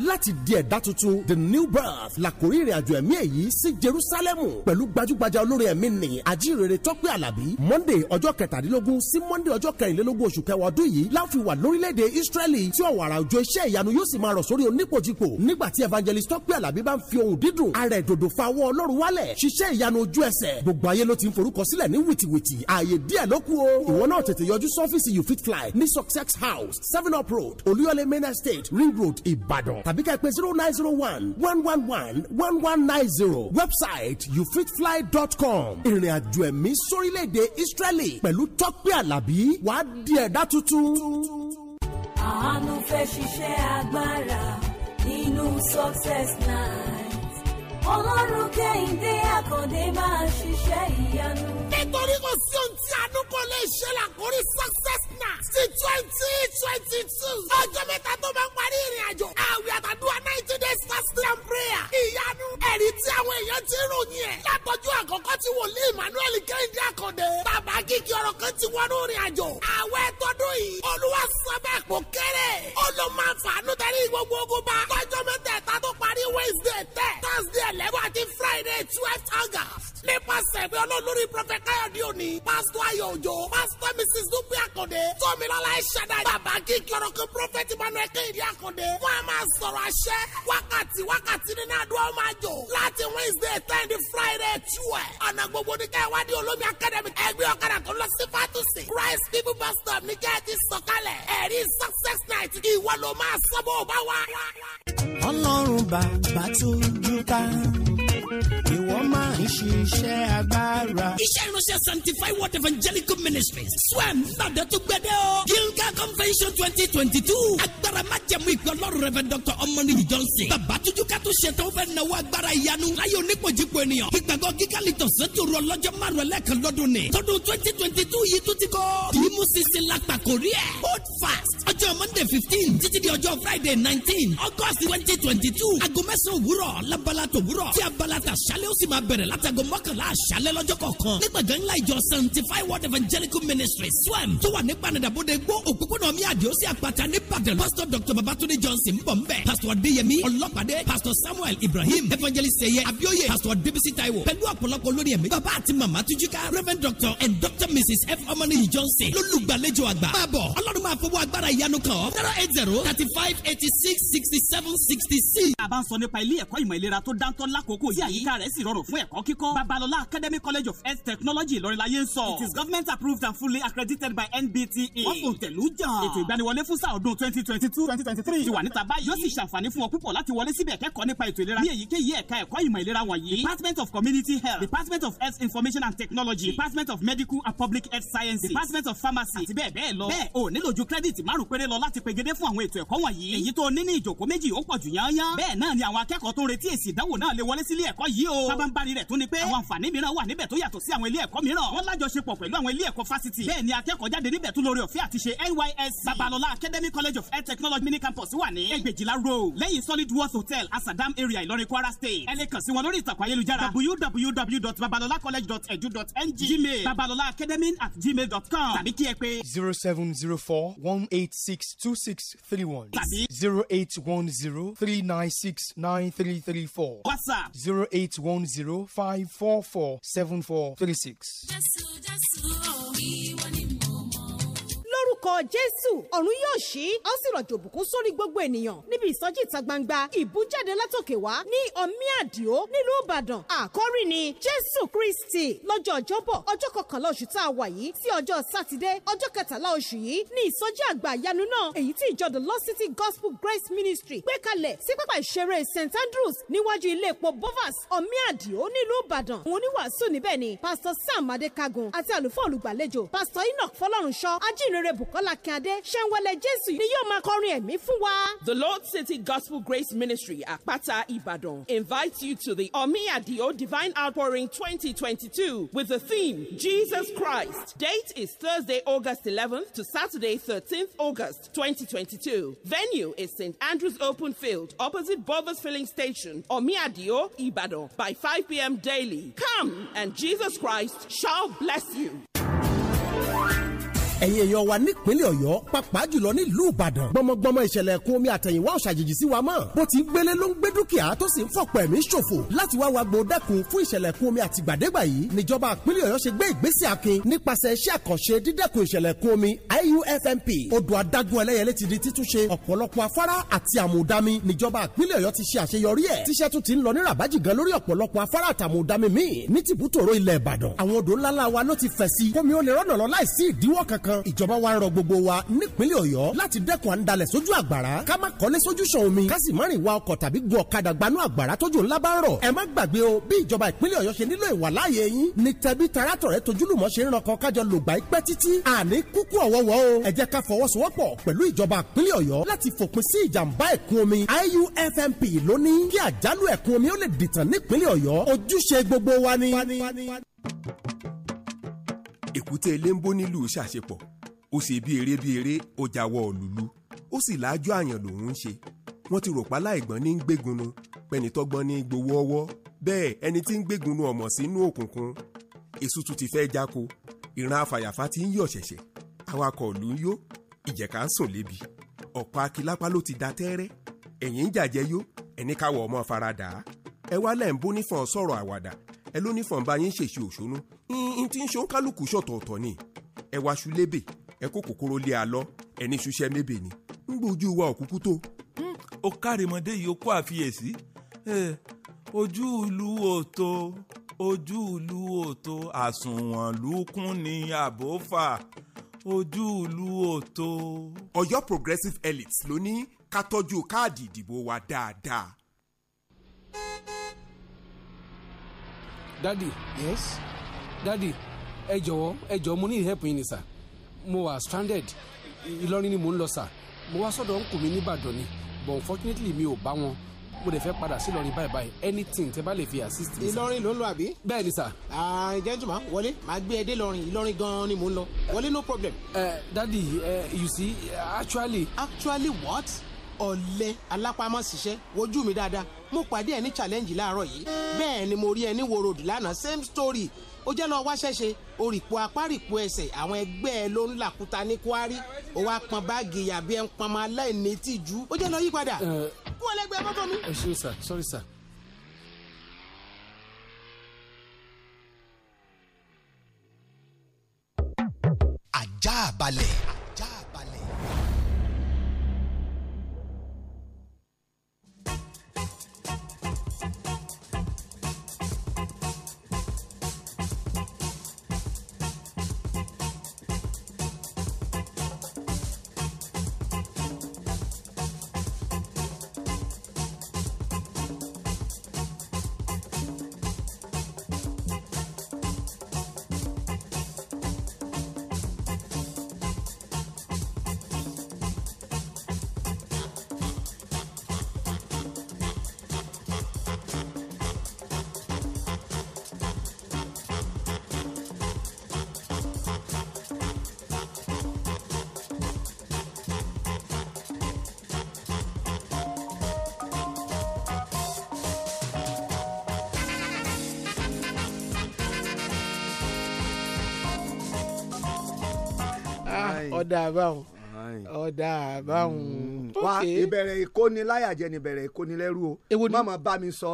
láti di ẹ̀dá tuntun the new birth làkórí ìrìnàjò ẹ̀mí èyí sí jerusalemu pẹ̀lú gbajúgbajà olórí ẹ̀mí nì ajírere tọ́pẹ́ àlàbí monday ọjọ́ kẹtàdínlógún sí monday ọjọ́ kẹrìnlélógún oṣù kẹwàá ọdún yìí láfi wà lórílẹ̀‐èdè israeli tí ọ̀wàrà òjò iṣẹ́ ìyanu yóò sì máa rọ̀ sórí onípojìpò nígbà tí evangelist tọ́pẹ́ àlàbí bá ń fi ohun dídùn ara ẹ̀ dòdò fa ọwọ́ ọlọ́run wálẹ̀ ṣiṣẹ́ ìyanu ojú ẹsẹ̀ gbogbo ayé ló ti ń forúkọ sílẹ̀ ní wìtìwìtì ààyè díẹ̀ ló kù o ìwọ náà tètè yọjú sọ́fíìsì you fit fly ní success house seven up road olúyọlé main estate ring road road Ibadan tàbí ká pé zero nine zero one one one one one one nine zero website youfitfly.com ìrìn àjò ẹ̀mí sórílẹ̀-èdè Israeli pẹ̀lú Tọ́pẹ́ Àlàbí wàá di ẹ̀dá tuntun. àánú fẹ́ ṣiṣẹ́ agbára nínú success nine ọlọ́run kẹ́hìndé àkàndé máa ṣiṣẹ́ ìyanu. nítorí kò sí ohun tí àánú lè ṣe làkórí success na ti twenty twenty two ọjọ́ mẹ́ta tó máa ń parí ìrìn àjò àwẹ̀ àtàdúrà ninety days fasting and prayer ìyanu ẹ̀rí tí àwọn èèyàn ti ròyìn ẹ̀ látọjú àkọ́kọ́ tí wòlíì Emmanuel kẹ́hìndé àkàndé bàbá kíkì ọ̀rọ̀ kan ti wọnú ìrìn àjò àwẹ̀ tọdún yìí olúwa sọ bẹ́ẹ̀ kò kéré ó ló máa fàánú wednesday ten thursday eleven àti friday twelve august nípasẹ̀ ìwé olólórí prọfẹ̀t káyọ̀dé òní pásítọ̀ ayọ̀ òjò pásítọ̀ mrs dúpẹ́ àkàndé tómìlọ́lá ìṣẹ̀dá bàbá kí kìlọ̀rọ̀kì prọfẹ̀t emmanuel kéde àkàndé wọ́n a máa sọ̀rọ̀ àṣẹ wákàtí wákàtí nínú àdúrà ọmọ àjò láti wednesday ten di friday twelve ọ̀nà gbogbo ní ká ìwádìí olómi academy ẹgbẹ́ ọ̀kadà tó lọ sí fatusi christ people pastor, stop ní ká ti sọ̀kalẹ̀ ẹ̀rí success night ìwọ ló máa sọ́bọ̀ bá wa. ọlọ́run bàbá tó dúpá ìwọ máa ń ṣiṣẹ́ agbára. iṣẹ́ ìránṣẹ́ sanctify word evangelical ministry. swam gbàdé tó gbẹdẹ o. gilga convention twenty twenty two agbára má jẹ̀mú ìpè ọlọ́run rẹ̀ dr ọmọnìyí johnson. bàbá tuntun ká tó ṣètò ó fẹ́ náwó agbára ìyanu láyé onípojìpo ènìyàn. ìgbàgbọ́ gígálì tọ̀sán tó ru ọlọ́jọ́ márùn ẹlẹ́kan lọ́dún ni. tọdún twenty twenty two yìí tó ti kọ́. dìímù sísin la gbà ẹ̀. hold fast ọjọ́ monday fifteen títí di ọjọ́ friday nineteen august twenty twenty two ago mẹ́sàn-án òwúrọ̀ lábala tòwúrọ̀ tí abala alẹ́ ó sì máa bẹ̀rẹ̀ látago mọ́kànlá àṣálẹ́ lọ́jọ́ kọ̀ọ̀kan nígbàgán ńlá ìjọ sanctify word evangelical ministry swam tó wà ní gbanadàbọ̀dẹ̀ gbó òpópónà mi àdìó sí àpáta níbàdàn pastor dr babatunde johnson bọ̀ ń bẹ̀ pastor adéyẹmí ọlọ́pàdé pastor samuel ibrahim evangelist ẹ̀yẹ abioye pastor debisi taiwo pẹ̀lú ọ̀pọ̀lọpọ̀ lórí ẹ̀mí bàbá àti màmá tujuka reverend doctor and doctor mrs f ọmọnìyí johnson lólùgbàlejò àgbà máa bọ̀ ọlọ́run máa fọwọ́ agbára ìyanu kan ọ́ zero eight zero thirty five eighty six sixty seven sixty six. a bá ń sọ nípa ilé ẹ̀kọ́ ìmọ̀ ìlera tó dáńtọ́ lákòókò yìí àyíká rẹ̀ sì rọrùn fún ẹ̀kọ́ kíkọ́. Babalọla Academy College of Health Technology Ìlọrin la ń sọ. It is government approved and fully accredited by NBTE. Wọ́n fòun tẹ̀lú jà. Ètò ìgbaniwọlé fún sáà ọdún 2022. 2023. two twenty twenty three ti wà níta báyìí. Yóò sì ṣàǹfààní fún wọn púpọ̀ láti wọlé síbẹ̀ kẹ́kọ̀ọ́ nípa ètò ìlera. Ní èyíkéyìí ẹ̀ka ẹ̀kọ́ ìmọ̀ ìlera wọ̀nyí. Department of Community Health. Department of Health Information and Technology. Department of Medical and Public Health Sciences. Department of Pharmacy. Àti bẹ́ẹ̀ bẹ́ẹ̀ lọ. Bẹ́ẹ̀ o nílò ju kírẹ́dìtì márùn péré lọ láti pegedé fún àwọn ètò ẹ̀kọ́ wọ̀nyí. Èyí tó ní ní ìjòkó méjì ó pọ̀ jù yányán. Bẹ́ẹ̀ náà ni àwọn akẹ́kọ̀ọ́ tó ń retí èsì ìdánwò náà lè wọlé sílé ẹ̀kọ́ yìí o o. pábánbárí rẹ̀ tún ni pé àwọn àǹfààní mìíràn wà níbẹ̀ tó yàtọ̀ sí àwọn ilé ẹ̀kọ́ mìíràn. wọ́n lájọṣepọ̀ pẹ̀lú àwọn ilé ẹ̀kọ́ fásitì. bẹ́ẹ̀ ni akẹ́kọ̀ọ́ níbẹ̀ tún lórí ọ̀fẹ́ àti ṣe NYSC. Babalọlá Academy College of Health Technology mini campus wà ní Ẹgbẹ̀jìlá road lẹ́yìn Solid Worth Hotel Asadam area Ìlọrin Kwara State. ẹ lè kàn sí wọn lórí ìtàkùn ayélujára www.babalolacollege.edu.ng gmail babalolaacademy@gmail.com tàbí kí ẹ pé. zero seven zero four one eight six two six three one. tàbí zero eight one zero three nine six nine three three four. WhatsApp zero eight one one zero five four four seven four three six lórúkọ jésù ọ̀run yóò ṣí ó sì rọ̀jò bùkún sórí gbogbo ènìyàn níbi ìsọjí ìta gbangba ìbújáde látòkè wá ní ọmí àdìo nílùú ìbàdàn àkọ́rí ni jésù kristi lọ́jọ́ ọjọ́bọ̀ ọjọ́ kọkànlá oṣù tá a wà yìí sí ọjọ́ sátidé ọjọ́ kẹtàlá oṣù yìí ní ìsọjí àgbà ìyanu náà èyí tí ìjọ the lost city gospel grace ministry gbé kalẹ̀ sí pápá ìṣeré st andrews níwájú ilé epo bovas ọmí àdìo nílùú ìbàdàn òun oníwàásù níbẹ̀ ni pásítọ̀ sam adékagun àti àlùfáà olùgbàlejò pásítọ̀ enoch fọlọ́runṣọ́ ajínrere olóore Bukola Kíadé Ṣẹ́nwẹ́lẹ̀ Jésù ni yóò máa kọrin ẹ̀mí fún wa. The Lord City Gospel Grace Ministry Àpáta Ìbàdàn invites you to the Omi Adio Divine Outpouring 2022 with the theme Jesus Christ. Date is Thursday, August 11th to Saturday, 13th August 2022. Venue is St. Andrew's Open Field opposite Bovers Filling Station, Omi Adio, Ìbàdàn by 5 p.m. daily. Come and Jesus Christ shall bless you ẹ̀yin èèyàn wa nípínlẹ̀ ọ̀yọ́ pàápàá jùlọ nílùú ìbàdàn gbọmọgbọmọ ìṣẹ̀lẹ̀ ẹ̀kún omi àtẹ̀yìnwá òṣàjèjì sí wa mọ́ bó ti ń gbélé ló ń gbé dúkìá tó sì ń fọ̀pọ̀ ẹ̀mí ṣòfò láti wá wa gbòdẹ́kun fún ìṣẹ̀lẹ̀ ẹ̀kún omi àtìgbàdégbà yìí níjọba ìpínlẹ̀ ọ̀yọ́ ṣe gbé ìgbésẹ̀ akin nípasẹ̀ iṣẹ́ àkànṣe dídẹ́kun ìṣẹ̀lẹ̀ ẹ̀kún omi IUFMP odò adágún ẹlẹ́yẹlé ti di títúnṣe ọ̀pọ̀lọpọ̀ afárá àti àmúdámi níjọba ìpínlẹ̀ ọ̀yọ́ ti ṣe àṣeyọrí ẹ̀ tíṣẹ́ tún ti ń lọ ní ràbájì gan lórí ọ̀pọ̀lọpọ̀ afárá àtàmúdámi míì ní kan ìjọba wa rọ gbogbo wa nípínlẹ̀ Ọ̀yọ́ láti dẹ́kun àǹdalẹ̀ sójú àgbàrá ká má kọ́lé sójú sàn omi ká sì má rìn wa ọkọ̀ tàbí gun ọ̀kadà gbanú àgbàrá tójú ńlá bá ń rọ̀ ẹ má gbàgbé o bí ìjọba ìpínlẹ̀ Ọ̀yọ́ ṣe nílò ìwàláàyè yín ni tẹbí tarátọ̀rẹ́ tojúlùmọ̀ ṣe ń rankan kájọ lògbà ipẹ́ títí àní kúkú ọ̀wọ́wọ́ o ẹ jẹ́ ká fọwọ́sowọ́pọ̀ pẹ̀lú ìjọba ìpínlẹ̀ Ọ̀yọ́ láti fòpin sí ìjàmbá ẹ̀kún omi IUFMP lónìí kí àjálù ẹ̀kún omi ó lè dìtàn nípínlẹ̀ Ọ̀yọ́ ojúṣe gbogbo wa ni èkúté eléńbó nílùú ṣàṣepọ̀ ó ṣe bí eré bí eré ó jáwọ́ òlùlù ó sì láájú àyàn lòún ń ṣe wọ́n ti rò pa láìgbọ́n ní gbégunu pẹ̀nitọ́gbọ́n ní gbowó ọwọ́ bẹ́ẹ̀ ẹni tí ń gbégunu ọ̀mọ̀ sínú òkùnkùn èso tún ti fẹ́ jáko ìran afàyàfà ti ń yọ̀ ṣẹ̀ṣẹ̀ awakọ̀ òlù ń yó ìjẹ̀ka ń sùn lébi ọ̀pá akilápá ló ti da tẹ́rẹ́ ẹ̀yìn ń jàjẹ́ yó ẹni káwọ̀ ọmọ faradà ẹ wá lẹ́ ń bó nífọ̀n sọ̀rọ̀ àwàdà ẹ ló nífọ̀n bá yín ṣèṣe òṣónú yín tí ń ṣe kálukú ṣọ̀tọ̀ọ̀tọ̀ ni ẹ wá aṣú lébè ẹ kó kòkòrò lé a lọ ẹ ṣuṣẹ́ mébè ni ń gbójú wa òkúkú tó. Hmm, ó kárìmọ́dé yìí ó kó àfiyèsí ojú ìlú òtó ojú ìlú òtó àsùnwọ̀n lùkún ni àbófà ojú ìlú òtó. Ọ̀yọ́ progressive elites ló ní ká tọ́jú káàdì ìdìbò wa dáadáa Daddy, yes dadi ẹ jọ̀wọ́ ẹ jọ̀ọ́ mo ní help yín ni sà mo wà stranded Ìlọrin ni mo ń lọ sà mo wá sọ́dọ̀ ń kù mí nìbàdàn ni but unfortunately mi ò bá wọn mo lè fẹ́ padà sí Ìlọrin báyìí báyìí anything tẹ bá lè fi assist mi. Ìlọrin ló ń lọ àbí. bẹ́ẹ̀ ni sà. jẹ́ntùmá wọlé màá gbé ẹ dé Ìlọrin Ìlọrin ni mò ń lọ wọlé no problem. ẹ uh, eh, dadi uh, eh, you see actually. actually what? ọ̀lẹ alápámọ́síṣẹ́ wojú mi dáadáa mo pàdé ẹ ní challenge láàárọ̀ yìí bẹ́ẹ̀ ni mo rí ẹ ní wòròd lánàá same story ó jẹ́ lọ wá orìpọ̀ apárìpọ̀ ẹsẹ̀ àwọn ẹgbẹ́ ẹ ló ń làkúta ní kwari ó wá pọn báàgì yàbí ẹ ń pọn máa láìní tìjú ó jẹ́ lọ yí padà kú ọlẹ́gbẹ́ mọ́tò mi. ẹ ṣeun sir sorry sir. ajá balẹ̀. ọ̀dà àbáhùn ọ̀dà àbáhùn. Mm. wá ìbẹ̀rẹ̀ ìkóniláyàjẹ ni ìbẹ̀rẹ̀ ìkónilẹ́rú o má máa bá mi sọ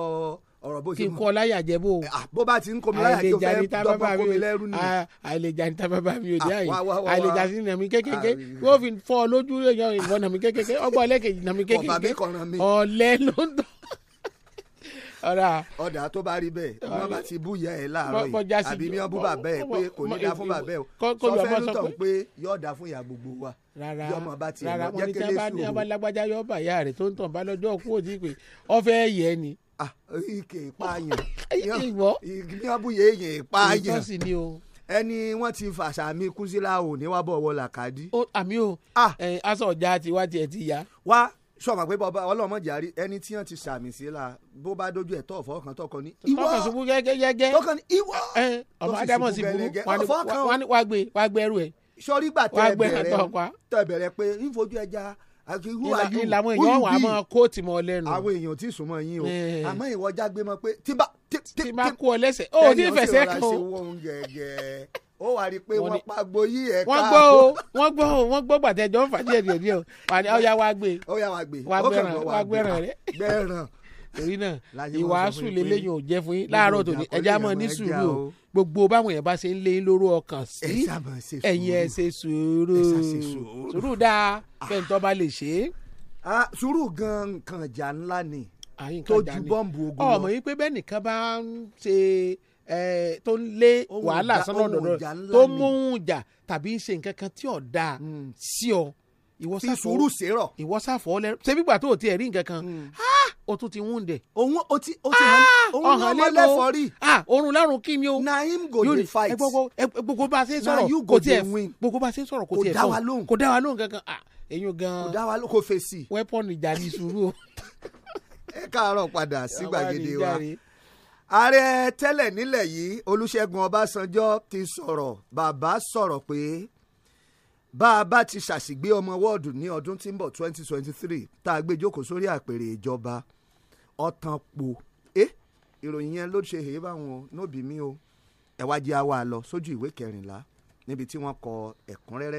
ọ̀rọ̀ bó ṣe mọ̀ kí n kọ́ láyàjẹ bó o. Ah, bó bá ti ń kọ́ mi láyàjẹ o fẹ́ dọ́gbọ́n kọ́ mi lẹ́rú ni. Ah, àìlèjà ní tábà bá mi ò dé ah, àyè àìlèjà sí nàmí kékèké wọ́n fi fọ́ ọ lójú èèyàn ìwọ nàmí kékèké ọgbọ́n ẹlẹ́kẹ̀jì nàmí kékèké ọ̀lẹ́ ló ń tọ́ ọ̀dà tó bá rí bẹ́ẹ̀ wọ́n bá ti bú ìyá ẹ̀ láàárọ̀ yìí àbí mi ò bú bàbá ẹ̀ pé kò ní dá fún bàbá ẹ̀ sọ fẹ́ ló tàn pé yóò dá fún ìyá gbogbo wa yọmọ bá ti lọ jẹ́kẹ́lé sùúrù. rárá mo ní tí a bá ní alágbájá yọ bàyá rẹ̀ tó ń tàn bá lọ́jọ́ kú òjì pé ọ fẹ́ yẹ ni ah ike ìpààyàn *laughs* ìwọ ní abúyé èèyàn ìpààyàn ẹni wọ́n ti fàṣà mi kú sí níwábọ̀ wọlà kàdí. àmì o ah! aṣọ ọjà tiwa tiẹ̀ ti ya. wá sọmọ pé bọba ọlọmọjàrí ẹni tí wọn ti sàmì sí la bó bá dojú ẹ tọfọ kan tọkàn ní. ìwọ tọkàn ṣubú gẹgẹgẹ tọkàn ní ìwọ. ọmọ adamu sì burú wàá gbé wàá gbé ẹrú ẹ. sọrí gbà tẹ bẹ̀rẹ̀ tẹ bẹ̀rẹ̀ pé ń ẹja àti who are you ìlànà èèyàn wà á mọ kóòtù mọ lẹ́nu. àwọn èèyàn ti sùn mọ́ yín o àmọ́ ìwọ jágbe mọ pé tí bá kú ọ lẹ́sẹ̀ ó ti fẹsẹ̀ kan o ó wà rí i pé wọ́n pa gboyè ẹ̀ káàbọ̀. wọ́n gbọ́ o wọ́n gbọ́ o wọ́n gbọ́ gbàtẹ́jọ́ ń fàjẹ́ rí ẹ̀rí o wà ní ọ̀ya wa gbé. ọ̀ya wa gbé wa gbẹ̀ràn wa gbẹ̀ràn rẹ. *laughs* gbẹ̀ràn. torí náà ìwàásù lélẹ́yìn ò jẹ́ fún yín láàárọ̀ tòní ẹja mọ̀ ní sùúrù o gbogbo báwọn yẹn bá ṣe ń lé yín lóró ọkàn sí ẹ̀yin ẹ̀ ṣe sùúrù sùúrù dáa fẹ́ǹtọ́ bá lè ṣe é. Ah, sùúrù gan nǹkan ìjà ńlá ni ah, tó ju bọ́ǹbù ogun lọ. ọmọ yìí pé bẹ́ẹ̀ nìkan bá ń ṣe tó ń lé wàhálà sọ́nà ọ̀dọ̀dọ̀ tó mú un jà tàbí ṣe nǹkan kan tí ò dáa hmm. sí ọ ìwọ sáfọ ìṣòro ṣèrọ ìwọ ọlẹ ṣebí tó o tiẹ̀ rí nǹkan kan hmm. o tún ti wún dẹ. òun o ti o ti hàn ah! òun náà wọ́n lẹ́fọ̀ọ́ rí. Ah, oorun lárun kí ni o. na him go dey fight. gbogbo bá a ṣe sọ̀rọ̀ kò tiẹ̀ gbogbo bá a ṣe sọ̀rọ̀ kò tiẹ̀ fún kò dá wa lóhùn kankan èyí ah, gan. kò dá wa lóhùn kò fèsì. wẹ́pọ̀nì ìjà ni sùúrù o. *laughs* ẹ káàárọ̀ padà sí gbàgede wa ààrẹ tẹ́lẹ̀ nílẹ̀ yìí olúṣẹ́gun ọbásanjọ́ ti sọ̀rọ̀ bàbá sọ̀rọ̀ pé bá ti ṣàṣìgbé ọmọ wọ́ọ̀dù ní ọdún tí ń bọ̀ 2023 tá a gbé jókòó sórí àpèrè ìjọba ọ̀tàn po ẹ́ ìròyìn yẹn ló ṣe èyí báwọn nóbì mi o ẹ̀wájú àwa lọ sójú ìwé kẹrìnlá níbi tí wọ́n kọ ẹ̀kúnrẹ́rẹ́